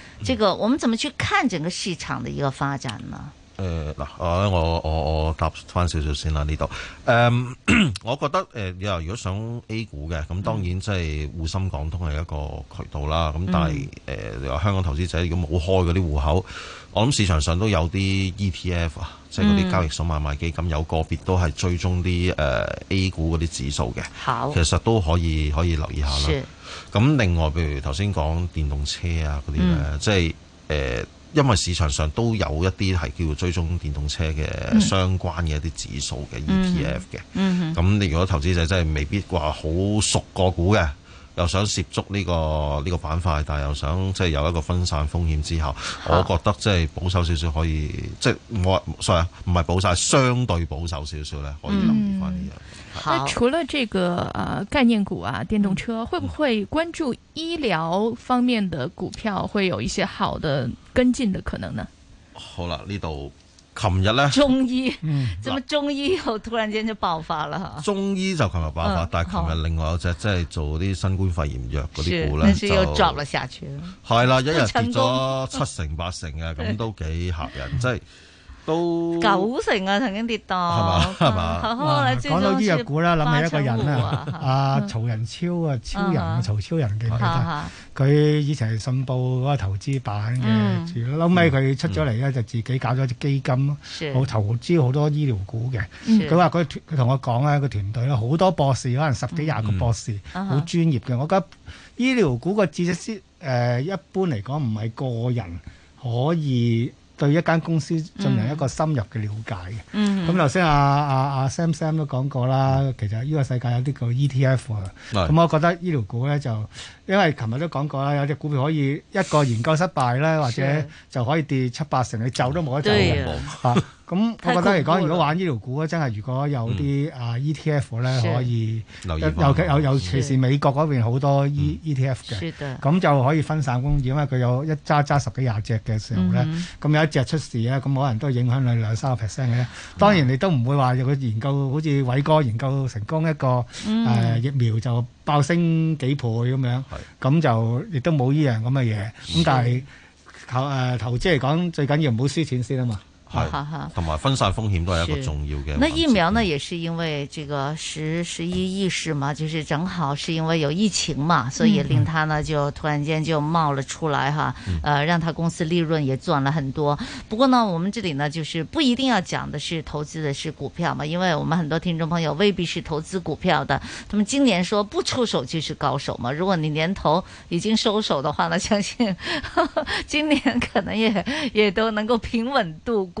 這個我們怎麼去看整個市場的一個發展呢？誒、呃、嗱，我我我我答翻少少先啦呢度。誒、um, (coughs) 我覺得誒，有、呃、如果想 A 股嘅，咁當然即係滬深港通係一個渠道啦。咁但係誒，嗯呃、香港投資者如果冇開嗰啲戶口，我諗市場上都有啲 ETF 啊，即係嗰啲交易所買賣基金，有個別都係追蹤啲誒、呃、A 股嗰啲指數嘅，其實都可以可以留意下啦。咁另外，譬如頭先講電動車啊嗰啲咧，即係誒，因為市場上都有一啲係叫做追蹤電動車嘅相關嘅一啲指數嘅 ETF 嘅。咁、嗯嗯嗯、你如果投資者真係未必話好熟個股嘅，又想涉足呢個呢、呢個板塊，但係又想即係、即係、有一個分散風險之後，我覺得即係保守少少可以，即係、啊即係、我 sorry 唔係保曬，相對保守少少咧，可以留意翻呢樣。嗯那除了這個啊、呃、概念股啊電動車、嗯，會不會關注醫療方面的股票會有一些好的跟進的可能呢？好啦，呢度琴日呢，中醫，嗯，怎麼中醫又突然間就爆發了？啊、中醫就琴日爆發，嗯、但係琴日另外有隻即係、嗯、做啲新冠肺炎藥嗰啲股呢是,但是又就落下去了，係啦，一日跌咗七成八成啊，咁 (laughs) 都幾嚇人， (laughs) 即係。都九成啊，曾經跌到。係嘛，係嘛。講到醫藥股啦，諗、啊、起一個人 (laughs) 啊，阿曹仁超啊，超人啊， (laughs) 曹超人記唔記得？佢 (laughs) 以前係信報嗰投資版嘅，後屘佢出咗嚟咧，就自己搞咗隻基金，好、嗯、投資好多醫療股嘅。佢話佢佢同我講咧，個團隊咧好多博士，可能十幾廿個博士，好、嗯、專業嘅、嗯。我覺得醫療股個知識先，誒、呃、一般嚟講唔係個人可以。對一間公司進行一個深入嘅了解。嗯，咁頭先阿啊阿、啊啊、Sam Sam 都講過啦，其實呢個世界有啲個 ETF 啊，咁我覺得醫療股咧就。因為琴日都講過啦，有隻股票可以一個研究失敗咧，或者就可以跌七八成，你走都冇得走嘅。咁、啊、我覺得嚟講，如果玩醫療股咧，真係如果有啲啊 ETF 咧、嗯，可以尤其尤其是美國嗰邊好多 ETF 嘅，咁就可以分散風險，因為佢有一揸揸十幾廿隻嘅時候咧，咁、嗯、有一隻出事咧，咁可能都影響你兩三個 percent 嘅。當然你都唔會話佢研究好似偉哥研究成功一個、啊、疫苗就。爆升幾倍咁樣，咁就亦都冇呢樣咁嘅嘢。咁但係投誒投資嚟講，最緊要唔好輸錢先啊嘛。係，同埋分散風險都係一個重要嘅。那疫苗呢，也是因為這個十十一意識嘛，就是正好是因為有疫情嘛，所以也令他呢就突然間就冒了出來哈，呃，讓他公司利潤也賺了很多。不過呢，我們這裏呢就是不一定要講的是投資的是股票嘛，因為我們很多聽眾朋友未必是投資股票的。他們今年說不出手就是高手嘛，如果你年頭已經收手的話呢，相信，呵呵，今年可能也也都能夠平穩度過。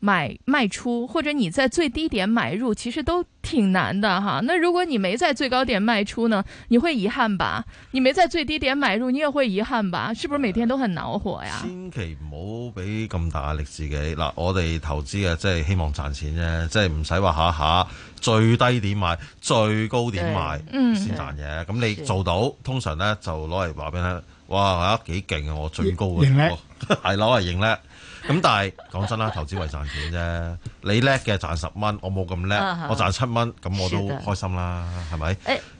買賣出或者你在最低點買入，其實都挺難的哈。那如果你沒在最高點賣出呢，你會遺憾吧？你沒在最低點買入，你也會遺憾吧？是不是每天都很惱火呀？千祈唔好俾咁大壓力自己嗱，我哋投資嘅即係希望賺錢啫，即係唔使話下下最低點買，最高點買先賺嘢。咁你做到，通常咧就攞嚟話俾你，哇吓幾勁啊！我最高嘅係攞嚟認叻。 (laughs) 咁 (laughs) 但係講真啦，投資為賺錢啫。 (laughs) 你叻嘅賺十蚊，我冇咁叻，uh-huh. 我賺七蚊，咁我都開心啦，係 (laughs) 咪是吧？ (laughs)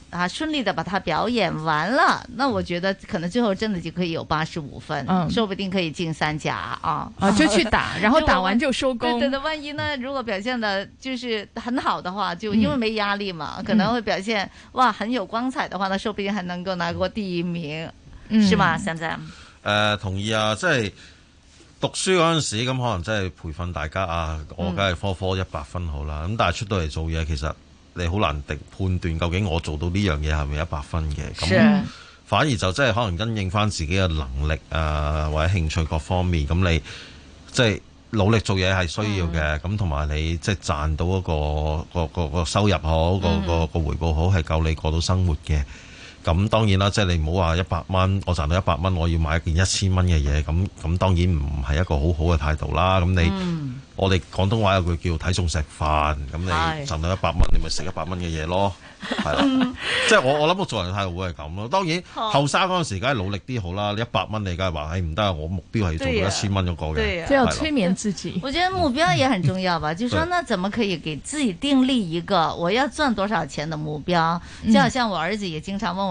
啊，順利的把它表演完了，那我覺得可能最後真的就可以有八十五分、嗯，說不定可以進三甲啊。啊，就去打，然後打完就收工。 (laughs) 對對，對，萬一呢？如果表現得就是很好的話，就因為沒壓力嘛、嗯，可能會表現哇很有光彩的話，那說不定還能夠拿過第一名，嗯、是嗎現在、呃、同意啊，即、就、係、是、讀書嗰陣時咁，可能真係培訓大家啊，我梗係科科一百分好啦。咁、嗯、但係出到嚟做嘢，其實。你好難定判斷究竟我做到呢樣嘢係咪一百分嘅，咁、啊、反而就真係可能因應翻自己嘅能力啊，或者興趣各方面，咁你即係、即係、努力做嘢係需要嘅，咁同埋你即係、即係、賺到、個、個、個收入好，個個、個回報好係夠你過到生活嘅。咁當然啦，即係你唔好話一百蚊，我賺到一百蚊，我要買一件一千蚊嘅嘢，咁咁當然唔係一個好好嘅態度啦。咁你，嗯、我哋廣東話有句話叫睇餸食飯，咁你賺到一百蚊，你咪食一百蚊嘅嘢咯，係 (laughs) 啦對了。 (laughs) 即係我我諗我做人態度會係咁咯。當然後生嗰陣時梗係努力啲好啦。一百蚊你梗係話係唔得啊，我目標係做到一千蚊一個嘅。對、啊，這、啊、要催眠自己，我覺得目標也很重要吧。嗯、就是話，那怎麼可以給自己定立一個我要賺多少錢嘅目標、嗯？就好像我兒子也經常問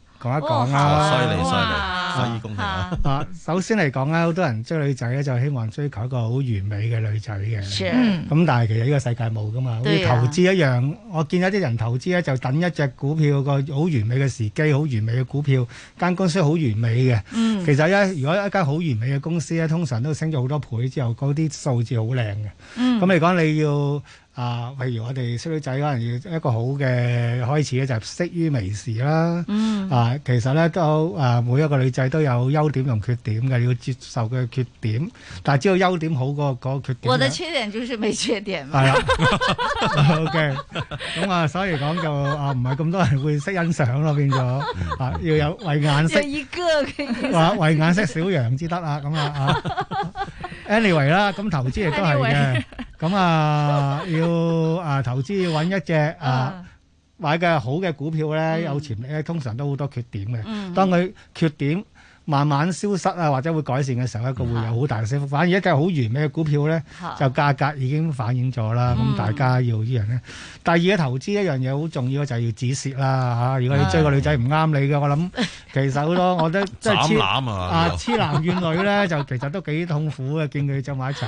講一講、哦哦、衰衰啊，犀利犀利，西醫功啊！啊啊首先嚟講咧，好多人追女仔咧，就希望追求一個好完美嘅女仔嘅。咁、嗯、但係其實呢個世界冇㗎嘛，好似、啊、投資一樣。我見有啲人投資咧，就等一隻股票個好完美嘅時機，好完美嘅股票，間公司好完美嘅。嗯、其實咧如果一間好完美嘅公司咧，通常都升咗好多倍之後，嗰啲數字好靚嘅。咁你講你要。啊，譬如我哋識女仔可能要一個好嘅開始咧，就係識於微時啦、嗯。啊，其實咧都啊，每一個女仔都有優點同缺點嘅，要接受佢嘅缺點，但只要道優點好過嗰個缺點。我嘅缺點就係未缺點。係、啊、啦 (laughs) 啊、OK。咁啊，所以講就啊，唔係咁多人會識欣賞咯，變咗啊，要有慧眼識，啊、慧眼識小羊之得啊，咁啊啊。 (laughs) Anyway 啦，咁投資亦都係嘅，咁 (laughs) 啊要啊投資要揾一隻啊買嘅好嘅股票咧，嗯、有潛力咧，通常都好多缺點嘅。嗯嗯當佢缺點，慢慢消失啊，或者會改善嘅時候，一個會有好大嘅升幅。反而一間好完美嘅股票咧，就價格已經反映咗啦。咁大家要依樣咧。第二嘅投資一樣嘢好重要嘅，就係要止蝕啦嚇。如果你追個女仔唔啱你嘅，我諗其實好多，我覺得即係啊黐男怨女咧，就其實都幾痛苦嘅。見佢走埋一齊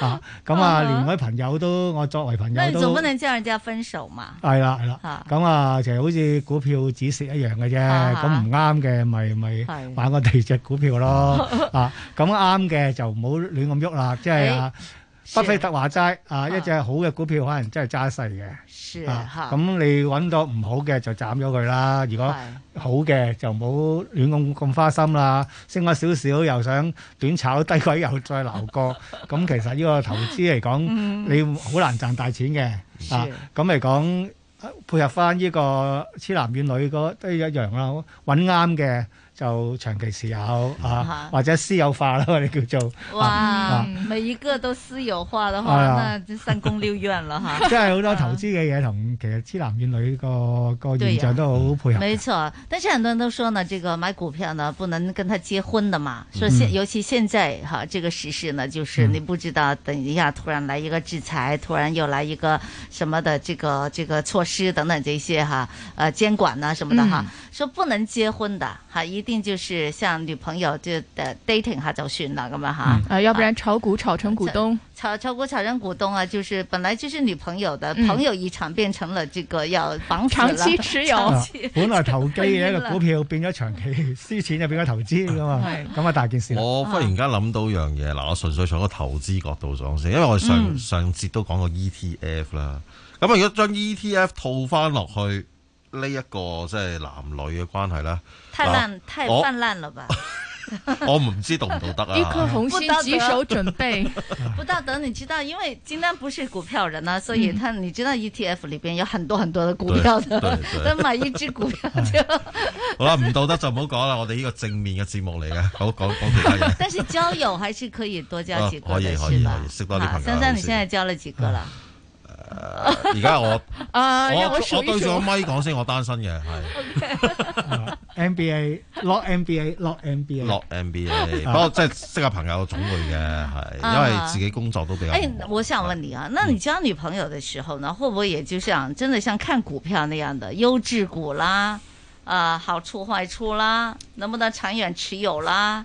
嚇，咁啊連位朋友都我作為朋友都總不能叫人家分手嘛。係啦係啦，咁啊，其實好似股票止蝕一樣嘅啫。咁唔啱嘅咪咪玩個地。隻股票咯， (laughs) 啊，咁啱嘅就唔好亂咁喐啦。即係啊，巴菲特話齋啊，一隻好嘅股票可能真係揸一世嘅。咁是、啊、你揾到唔好嘅就斬咗佢啦。如果好嘅就唔好亂咁咁花心啦。升咗少少又想短炒，低位又再撈過。咁、 (laughs) 啊、其實呢個投資嚟講， (laughs) 嗯、你好難賺大錢嘅。啊，咁嚟是、啊、講配合翻呢個痴男怨女嗰都一樣啦。揾啱嘅。就長期持有啊，啊，或者私有化咯，你叫做哇、啊！每一個都私有化的話、啊、那就三宮六院了哈、 (laughs) 啊！真係好多投資嘅嘢同其實痴男怨女 (laughs) 個個現象都好配合、啊。沒錯，但是很多人都說呢，這個買股票呢不能跟他結婚的嘛。說、嗯、尤其現在哈、啊，這個時勢呢，就是你不知道等一下突然來一個制裁，突然又來一個什麼的這個這個措施等等這些哈，呃、啊，監管啊，什麼的哈，說、嗯啊、不能結婚的哈一。啊定就是像女朋友就 dating 下就算啦，咁啊吓，啊，、嗯、啊要不然炒股炒成股東，炒炒，炒股炒成股東啊，就是本來就是女朋友的、嗯、朋友一場，變成了這個要綁長期持有、啊，本來投機嘅一個股票變咗長期輸錢就變咗投資噶嘛，咁啊大件事。我忽然間諗到一樣嘢，嗱我純粹從個投資角度上，先，因為我上、嗯、上節都講過 ETF 啦，咁啊如果將 ETF 套翻落去。F 呢、這、一個即係男女嘅關係啦，太爛太泛濫了吧？我唔 (laughs) 知道唔道德啊！一顆紅心，幾手準備，不道大德。你知道， (laughs) 因為金丹不是股票人啊，嗯、所以他你知道 E T F 裏邊有很多很多嘅股票的，都 (laughs) 買一支股票就。 (laughs) (laughs) (laughs) (laughs) 好啦，唔道德就唔好講啦。 (laughs) 我哋呢個正面嘅節目嚟嘅，好講講其他人。 (laughs) 但是交友還是可以多交幾個 (laughs) 可，可以可以可以，識多啲朋友。三三，現你現在交了幾個啦？ (laughs) 而、uh, 家我、uh, 我我，數數我對住個咪講先，我單身嘅係 NBA not NBA not NBA not NBA，不過即係識下朋友總會嘅係，因為自己工作都比較、uh, 欸。我想問你啊，那你交女朋友嘅時候呢，嗯、會唔會也就像真的像看股票那樣的優質股啦，啊，好處壞處啦，能不能長遠持有啦？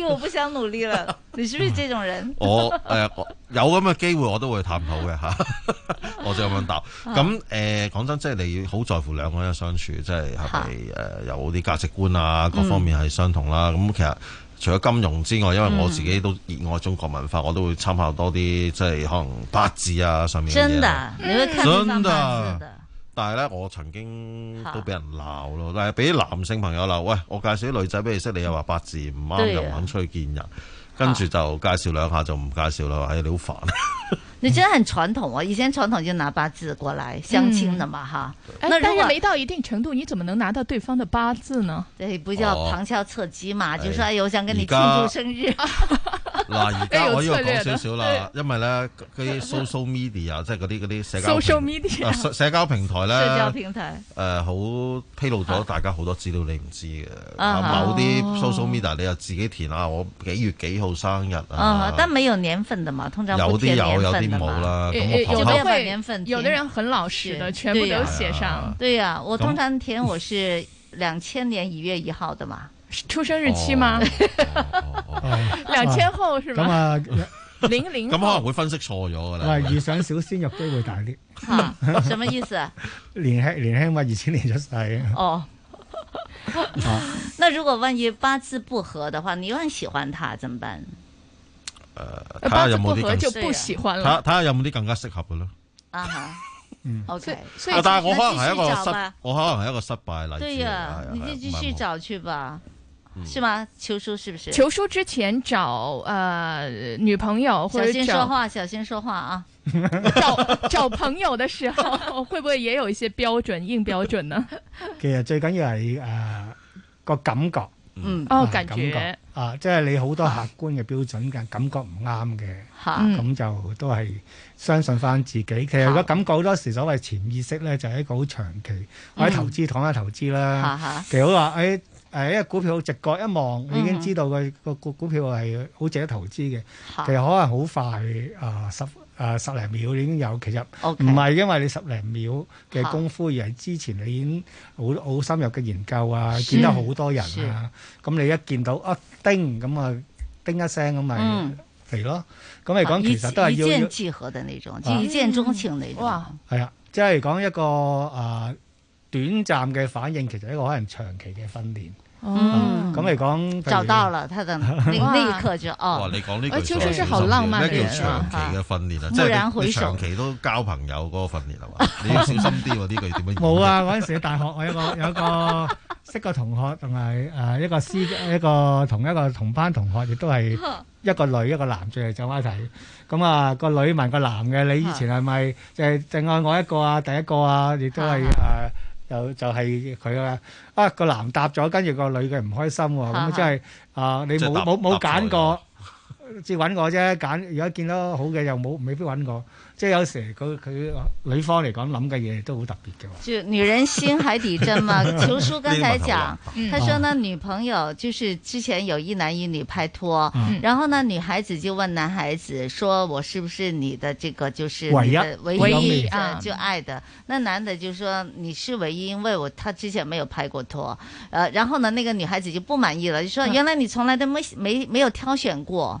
我不想努力了，你是不是這種人？ (laughs) 我誒、呃，有咁嘅機會我都會探討嘅吓， (laughs) (laughs) 我就咁樣答。咁誒、呃，講真，即係你要好在乎兩個人相處，即係係咪誒有啲價值觀啊，各方面係相同啦。咁、嗯嗯嗯、其實除咗金融之外，因為我自己都熱愛中國文化，我都會參考多啲，即係可能八字啊上面的啊。真的，嗯、你都看的真八但係咧，我曾經都俾人鬧咯，但係俾啲男性朋友鬧，喂，我介紹啲女仔俾你識，你又話八字唔啱，又唔肯出去見人，跟住就介紹兩下就唔介紹啦，哎，你好煩。 (laughs) 你真係很傳統啊！以前傳統就拿八字過來相親的嘛，哈、嗯。但是沒到一定程度，你怎麼能拿到對方的八字呢？對，不叫旁敲側擊嘛，就說哎呦我想跟你慶祝生日。嗱、哎，而家我要講少少啦、哎，因為呢，嗰啲 social media、哎、即係嗰啲啲社交平台。social media 社交平台呢，社交平台。誒，好披露咗大家好多資料你唔知嘅。啊，某啲 social media 你又自己填啊，我幾月幾號生日啊？嗯、但沒有年份的嘛，通常。有啲有，有啲。冇啦、嗯，有咩年份？有的人很老實的，全部都寫上。對呀、啊啊啊，我通常填我是兩千年一月一號的嘛，出生日期嗎？兩、哦、千、 (laughs) 哦、後是嗎？咁啊，零零。咁可能會分析錯咗噶啦。係遇上小鮮肉機會大啲。吓，什麼意思？ (laughs) 年輕年輕嘛，二千年出世。哦、 (laughs) 啊。那如果萬一八字不合的話，你又喜歡他怎麼辦？誒、呃，睇下有冇啲更、啊、更加適合嘅咯。啊吓， (laughs) 嗯，O K，所以、所以、所以、呃、但係我可能係一個失，我可能係一個失敗例子。對呀、啊啊啊，你就繼續找去吧，是嗎？求叔是不是？求叔之前找、呃、女朋友或者先說話，小心說話啊！找 (laughs) 找朋友的時候，會不會也有一些標準，硬標準呢？ (laughs) 其實最緊要係誒、呃、個感覺。嗯，哦、啊，跟住啊，即係你好多客觀嘅標準嘅感覺唔啱嘅，咁、啊啊啊、就都係相信返自己。其實如果感覺好多時所謂潛意識咧，就係一個好長期。我喺投資講下投資啦、啊啊，其實好話誒誒，因、哎、為、哎、股票直覺一望已經知道佢個股股票係好值得投資嘅，其實可能好快啊十。啊！十零秒已經有，其實唔係因為你十零秒嘅功夫，okay. 而係之前你已經好好深入嘅研究啊，見到好多人啊。咁、啊、你一見到啊，叮咁啊，叮一聲咁咪嚟咯。咁嚟講，其實都係要一見既合即呢種、啊，即一見鐘情嚟。哇！係啊，即係講一個啊，短暫嘅反應，其實係一個可能長期嘅訓練。嗯，咁嚟講，找到了，他就，你立刻就，哦，哇，你講呢句，哇，咩叫長期嘅訓練啊，即係你長期都交朋友嗰個訓練係嘛，你要小心啲喎，呢句點樣？冇啊，嗰陣時大學我有一個有一個識個同學，同埋誒，一個師一個同一個同班同學，亦都係一個女一個男，聚嚟走埋一齊，咁啊個女問個男嘅，你以前係咪就係淨愛我一個啊，第一個啊，亦都係誒，就就係佢啦。啊！個男搭咗，跟住個女嘅唔開心喎，咁即係啊！你冇冇冇揀過。即揾我啫，揀如果見到好嘅又冇，未必揾我。即係有時佢佢女方嚟講諗嘅嘢都好特別嘅。就女人心海底針嘛，球 (laughs) 叔剛才講，佢、 (laughs) 嗯、說呢女朋友就是之前有一男一女拍拖，嗯、然後呢女孩子就問男孩子：，說我是不是你的這個就是唯一唯一,唯一啊最愛的、嗯？那男的就說：你是唯一，因為我他之前沒有拍過拖。呃，然後呢那個女孩子就不滿意了，就說：原來你從來都沒沒沒有挑選過。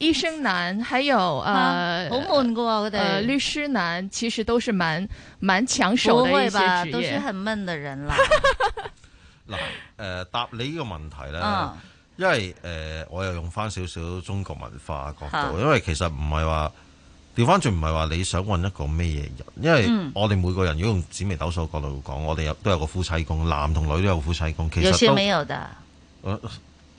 醫生男，還有，啊、呃，好悶過，我呃、嗯，律師男，其實都是蠻蠻搶手嘅一些職業，都是很悶的人啦。嗱， (laughs) (laughs) 誒、呃，答你呢個問題咧、哦，因為，誒、呃，我又用翻少少中國文化角度、那個，因為其實唔係話，調翻轉唔係話你想搵一個咩嘢人，因為我哋每個人、嗯、如果用紫微斗數角度講，我哋都有個夫妻宮，男同女都有個夫妻宮，其實都。有些沒有的呃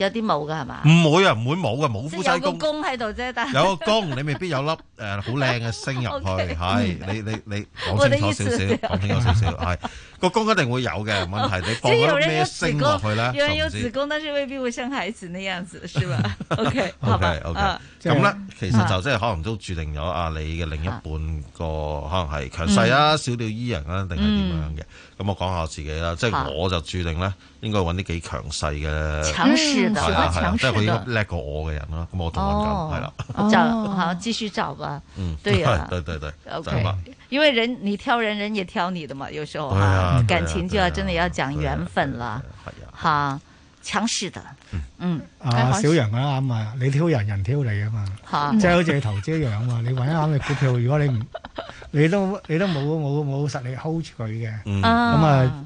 有啲冇噶係嘛？唔會啊，唔會冇嘅，冇夫妻宮。有個宮喺度啫，但係有個宮，你未必有粒誒好靚嘅星入去。係、 (laughs) okay，你你你講清楚少少，講、哦、清楚少少，係。 (laughs) 個宮一定會有嘅、哦，問題你放啲咩聲落去咧？有子宮，但是未必會生孩子，呢樣子是吧 (laughs) o、okay, k 好嘅，OK。咁、啊、咧，其實就即係可能都注定咗啊，你嘅另一半個、啊啊、可能係強勢啊、嗯，小鳥依人啊，定係點樣嘅？咁、嗯、我講下我自己啦，即、啊、係、就是、我就注定咧，應該揾啲幾強勢嘅，強勢嘅係啦，即係佢要叻過我嘅人啦。咁我同佢講，係啦、啊啊，就繼、是哦哦啊、續找吧。嗯，對啊，對對對，對 o、okay, 因為人你挑人人也挑你的嘛，有時候啊、嗯、啊，感情就要真的要講緣分啦、啊啊啊啊，好，強勢的，嗯，嗯啊、哎、小楊啊啱啊，你挑人人挑你啊嘛，即係好似、就是、你投資一樣啊嘛，嗯、你揾啱嘅股票， (laughs) 如果你唔，你都你都冇冇冇實力 hold 住佢嘅，咁、嗯嗯、啊。嗯啊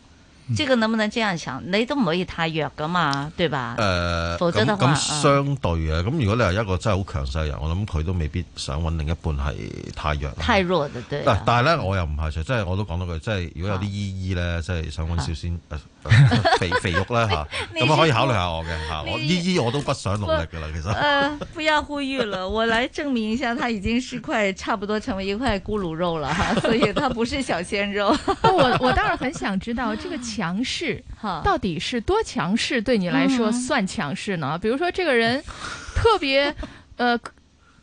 這個能不能這樣想？你都唔可以太弱噶嘛，對吧？呃、否則，咁、呃、咁、呃、相對啊，咁如果你係一個真係好強勢人，嗯、我諗佢都未必想揾另一半係太弱。太弱的，對、啊。但係咧，我又唔係即係我都講到佢，即係如果有啲姨姨咧，即係想揾小鮮、啊啊、肥 (laughs) 肥肉咧吓，咁可以考慮一下我嘅我姨姨我都不想努力嘅啦，其實、呃。不要呼籲了， (laughs) 我來證明一下，他已經是塊差不多成為一塊咕嚕肉了， (laughs) 所以他不是小鮮肉。 (laughs) 我我當然很想知道 (laughs) 這個強勢哈，到底是多強勢對你來說算強勢呢？嗯啊、比如說這個人特別 (laughs) 呃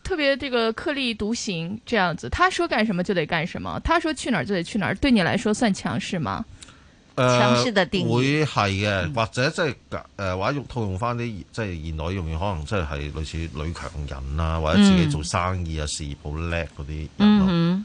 特別這個特立獨行這樣子，他說幹什麼就得幹什麼，他說去哪兒就得去哪兒，對你來說算強勢嗎？呃、強勢的定義，會係嘅，或者即係呃，或者用套用翻啲即係現代用語，可能即係類似女強人啊，或者自己做生意啊，嗯、事業好叻嗰啲人。嗯，嗯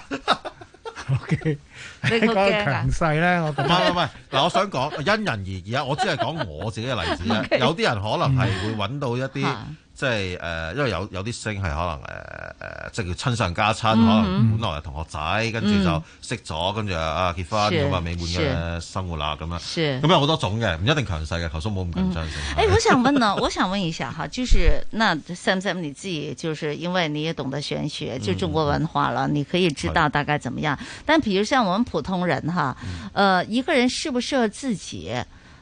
OK，你講到強勢咧，我覺得唔係唔係，嗱，我想講因人而異啊，我只係講我自己嘅例子啫，okay. 有啲人可能係會揾到一啲。即係誒、呃，因為有有啲星係可能誒誒、呃，即係叫親上加親、嗯，可能本來係同學仔，跟住就識咗，跟住啊結婚咁啊、嗯、美滿嘅生活啦，咁啊，咁有好多種嘅，唔一定強勢嘅，求叔冇咁緊張先、嗯欸。我想問呢， (laughs) 我想問一下哈，就是那 Sam Sam 你自己，就是因為你也懂得玄學，就中國文化啦，你可以知道大概怎麼樣。但譬如像我們普通人哈，呃、嗯，一個人適不適合自己？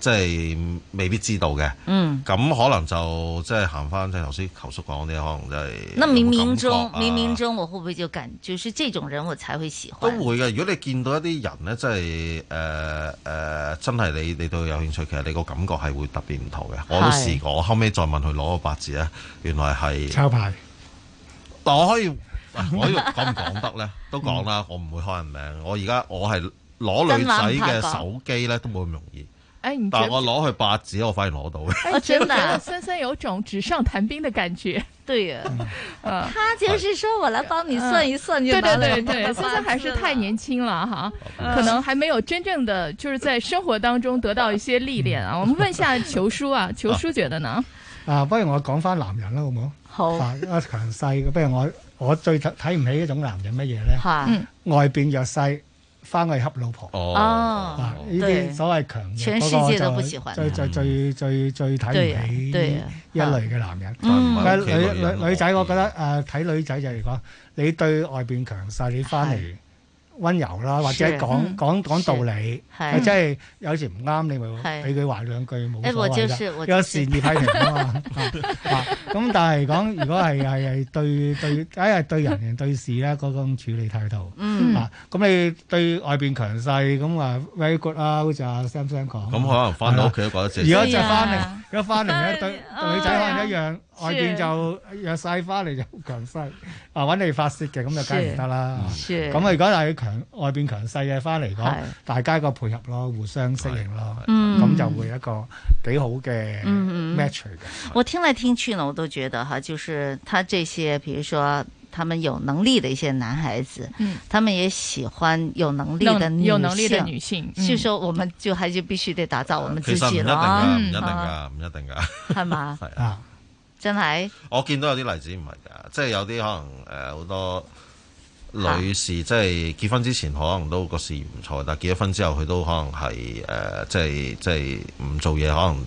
即係未必知道嘅，咁、嗯、可能就即係行翻即係頭先求叔講啲，可能真、就、係、是。那冥冥中，有有啊、冥冥中我會唔會就感，就是這種人我才會喜歡。都會嘅，如果你見到一啲人呢，即係誒誒，真係你你對佢有興趣，其實你個感覺係會特別唔同嘅。我都試過，後尾再問佢攞個八字咧，原來係抄牌。但我可以，我可以講唔講得呢？ (laughs) 都講啦、嗯，我唔會開人名。我而家我係攞女仔嘅手機呢，都冇咁容易。但係我攞去八字，我反而攞到嘅。你覺唔、哎、覺得森森、哎啊、 (laughs) 有種紙上談兵的感覺？對啊，嗯、啊他就是說我來幫你算一算就，你、啊、對對對對，孫森還是太年輕了哈、啊啊，可能還沒有真正的就是在生活當中得到一些歷練啊、嗯。我們問一下球叔啊，球、啊、叔覺得呢？啊，不如我講翻男人啦，好唔好？好。啊，強勢嘅，不如我我最睇唔起呢種男人乜嘢咧？吓、啊嗯，外邊弱勢。翻去恰老婆哦，呢啲所謂強嘅，嗰個就最最最最最睇唔起一類嘅男人。女女女仔，我覺得誒睇女仔就係講你對外邊強勢，你翻嚟。溫柔啦，或者講講講道理，係係即係有時唔啱你咪俾佢話兩句冇錯啦。有、就係就係、善意批評啊嘛，咁、 (laughs) (laughs) 啊、但係講如果係係係對對梗係對人，人對事咧嗰種處理態度。嗯、啊咁你對外面強勢咁話 very good 啊，好似阿 Sam Sam 講。咁、嗯、可能翻到屋企都覺得自己。如果就翻嚟，如果翻嚟咧對女仔可能一樣。哎外邊就弱勢，翻嚟就好強勢，啊，搵你發泄嘅，咁就梗唔得啦。咁如果係強外邊強勢嘅翻嚟講，大家個配合咯，互相適應咯，咁就會一個幾好嘅 match 嘅。我聽來聽去，呢，我都覺得吓，就是他這些，比如說他們有能力的一些男孩子，嗯、他們也喜歡有能力的能、有能力的女性，所、嗯、以、就是、說我們就還是必須得打造我們自己咯。唔一定噶，唔、啊、一定噶，係嘛？係啊。 (laughs) 真係，我見到有啲例子唔係㗎，即係有啲可能誒，好、呃、多女士、啊、即係結婚之前可能都個事業唔錯，但係結咗婚之後佢都可能係誒、呃，即係即係唔做嘢可能。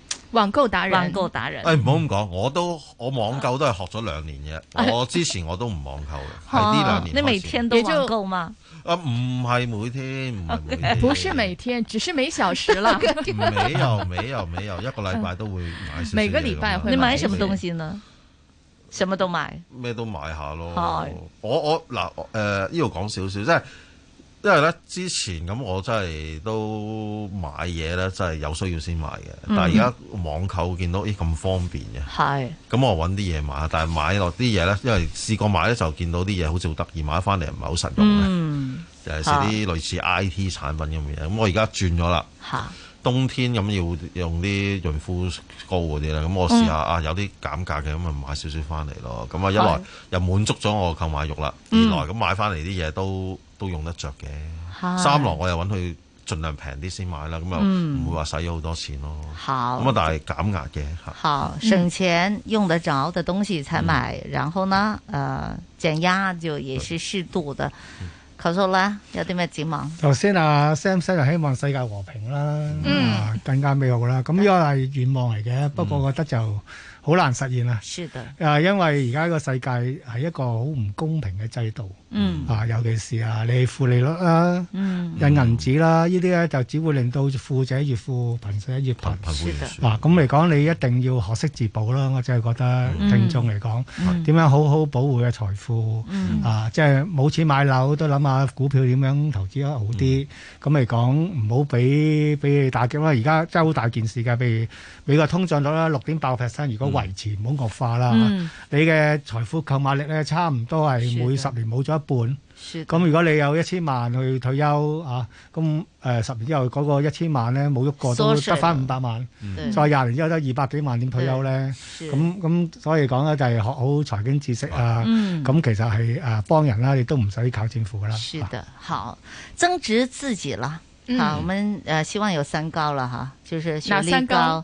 網購達人，網購達人。誒、哎，唔好咁講，我都我網購都係學咗兩年嘅、嗯。我之前我都唔網購嘅，係呢兩年開始你、啊、每天都網購嗎？啊，唔係每天，唔係每天。不是每天，okay. 不是每天 (laughs) 只是每小時啦。 (laughs) 沒有沒有沒有一個禮拜都會買少少。每個禮拜會、啊，你買什麼東西呢？什麼都買。咩都買下咯。啊、我我嗱，誒呢度講少少，即係。因為咧之前，咁我真係都買嘢咧，真係有需要先買嘅。但係而家網購見到咦，咁方便嘅，咁我揾啲嘢買。但係、欸、是買落啲嘢咧，因為試過買咧就見到啲嘢好似好得意，買翻嚟唔係好實用嘅。嗯，就係啲類似 IT 產品咁嘅嘢。咁是我而家轉咗啦。冬天咁要用啲潤膚膏嗰啲啦，咁我試下、嗯、啊，有啲減價嘅咁咪買少少翻嚟咯。咁啊一來又滿足咗我購買欲啦、嗯，二來咁買翻嚟啲嘢都、嗯、都用得着嘅。三來我又揾佢盡量平啲先買啦，咁又唔會話使咗好多錢咯。好咁啊，但係減壓嘅。好，省錢用得着嘅東西才買、嗯，然後呢，呃，減壓就也是適度嘅。求叔啦，有啲咩展望？頭先啊 Sam Sir 希望世界和平啦，嗯、更加美好啦。咁呢個係願望嚟嘅、嗯，不過我覺得就好難實現啊！是的，因為而家個世界係一個好唔公平嘅制度，嗯，啊，尤其是啊，你負利率啦，嗯，印銀紙啦，呢啲咧就只會令到富者越富，貧者越貧，嗱，咁嚟講，你一定要學識自保啦！我真係覺得聽眾嚟講，點、嗯、樣好好保護嘅財富，嗯，啊，即係冇錢買樓都諗下股票點樣投資得好啲。咁嚟講，唔好俾俾你打擊啦！而家真係好大件事噶，譬如，美國通脹率啦，六點八 percent，如果維持唔好、嗯、惡化啦，嗯、你嘅財富購買力咧，差唔多係每十年冇咗一半。咁如果你有一千萬去退休啊，咁誒、呃、十年之後嗰個一千萬咧冇喐過，一個都得翻五百萬。再廿年之後得二百幾萬點退休咧，咁咁所以講咧就係學好財經知識啊，咁、嗯、其實係誒、啊、幫人啦，亦都唔使靠政府㗎啦。是的，好增值自己啦。好，嗯、我們誒希望有三高啦，哈，就是三高。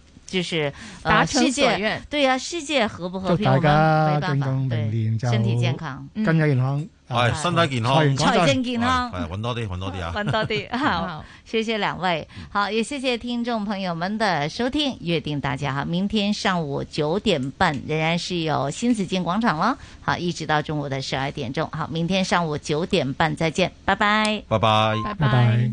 就是達、呃、世界，對呀、啊，世界和不和平，祝身體健康，更加健康、嗯嗯哎，哎，身體健康，財、啊、政、啊哎、健康，搵多啲，搵多啲啊，搵、哎啊哎、多啲、啊，好， (laughs) 謝謝兩位，好，也謝謝聽眾朋友們的收聽，約定大家哈，明天上午九點半仍然是有新紫荊廣場咯，好，一直到中午的十二點鐘，好，明天上午九點半再見，拜拜，拜拜，拜拜。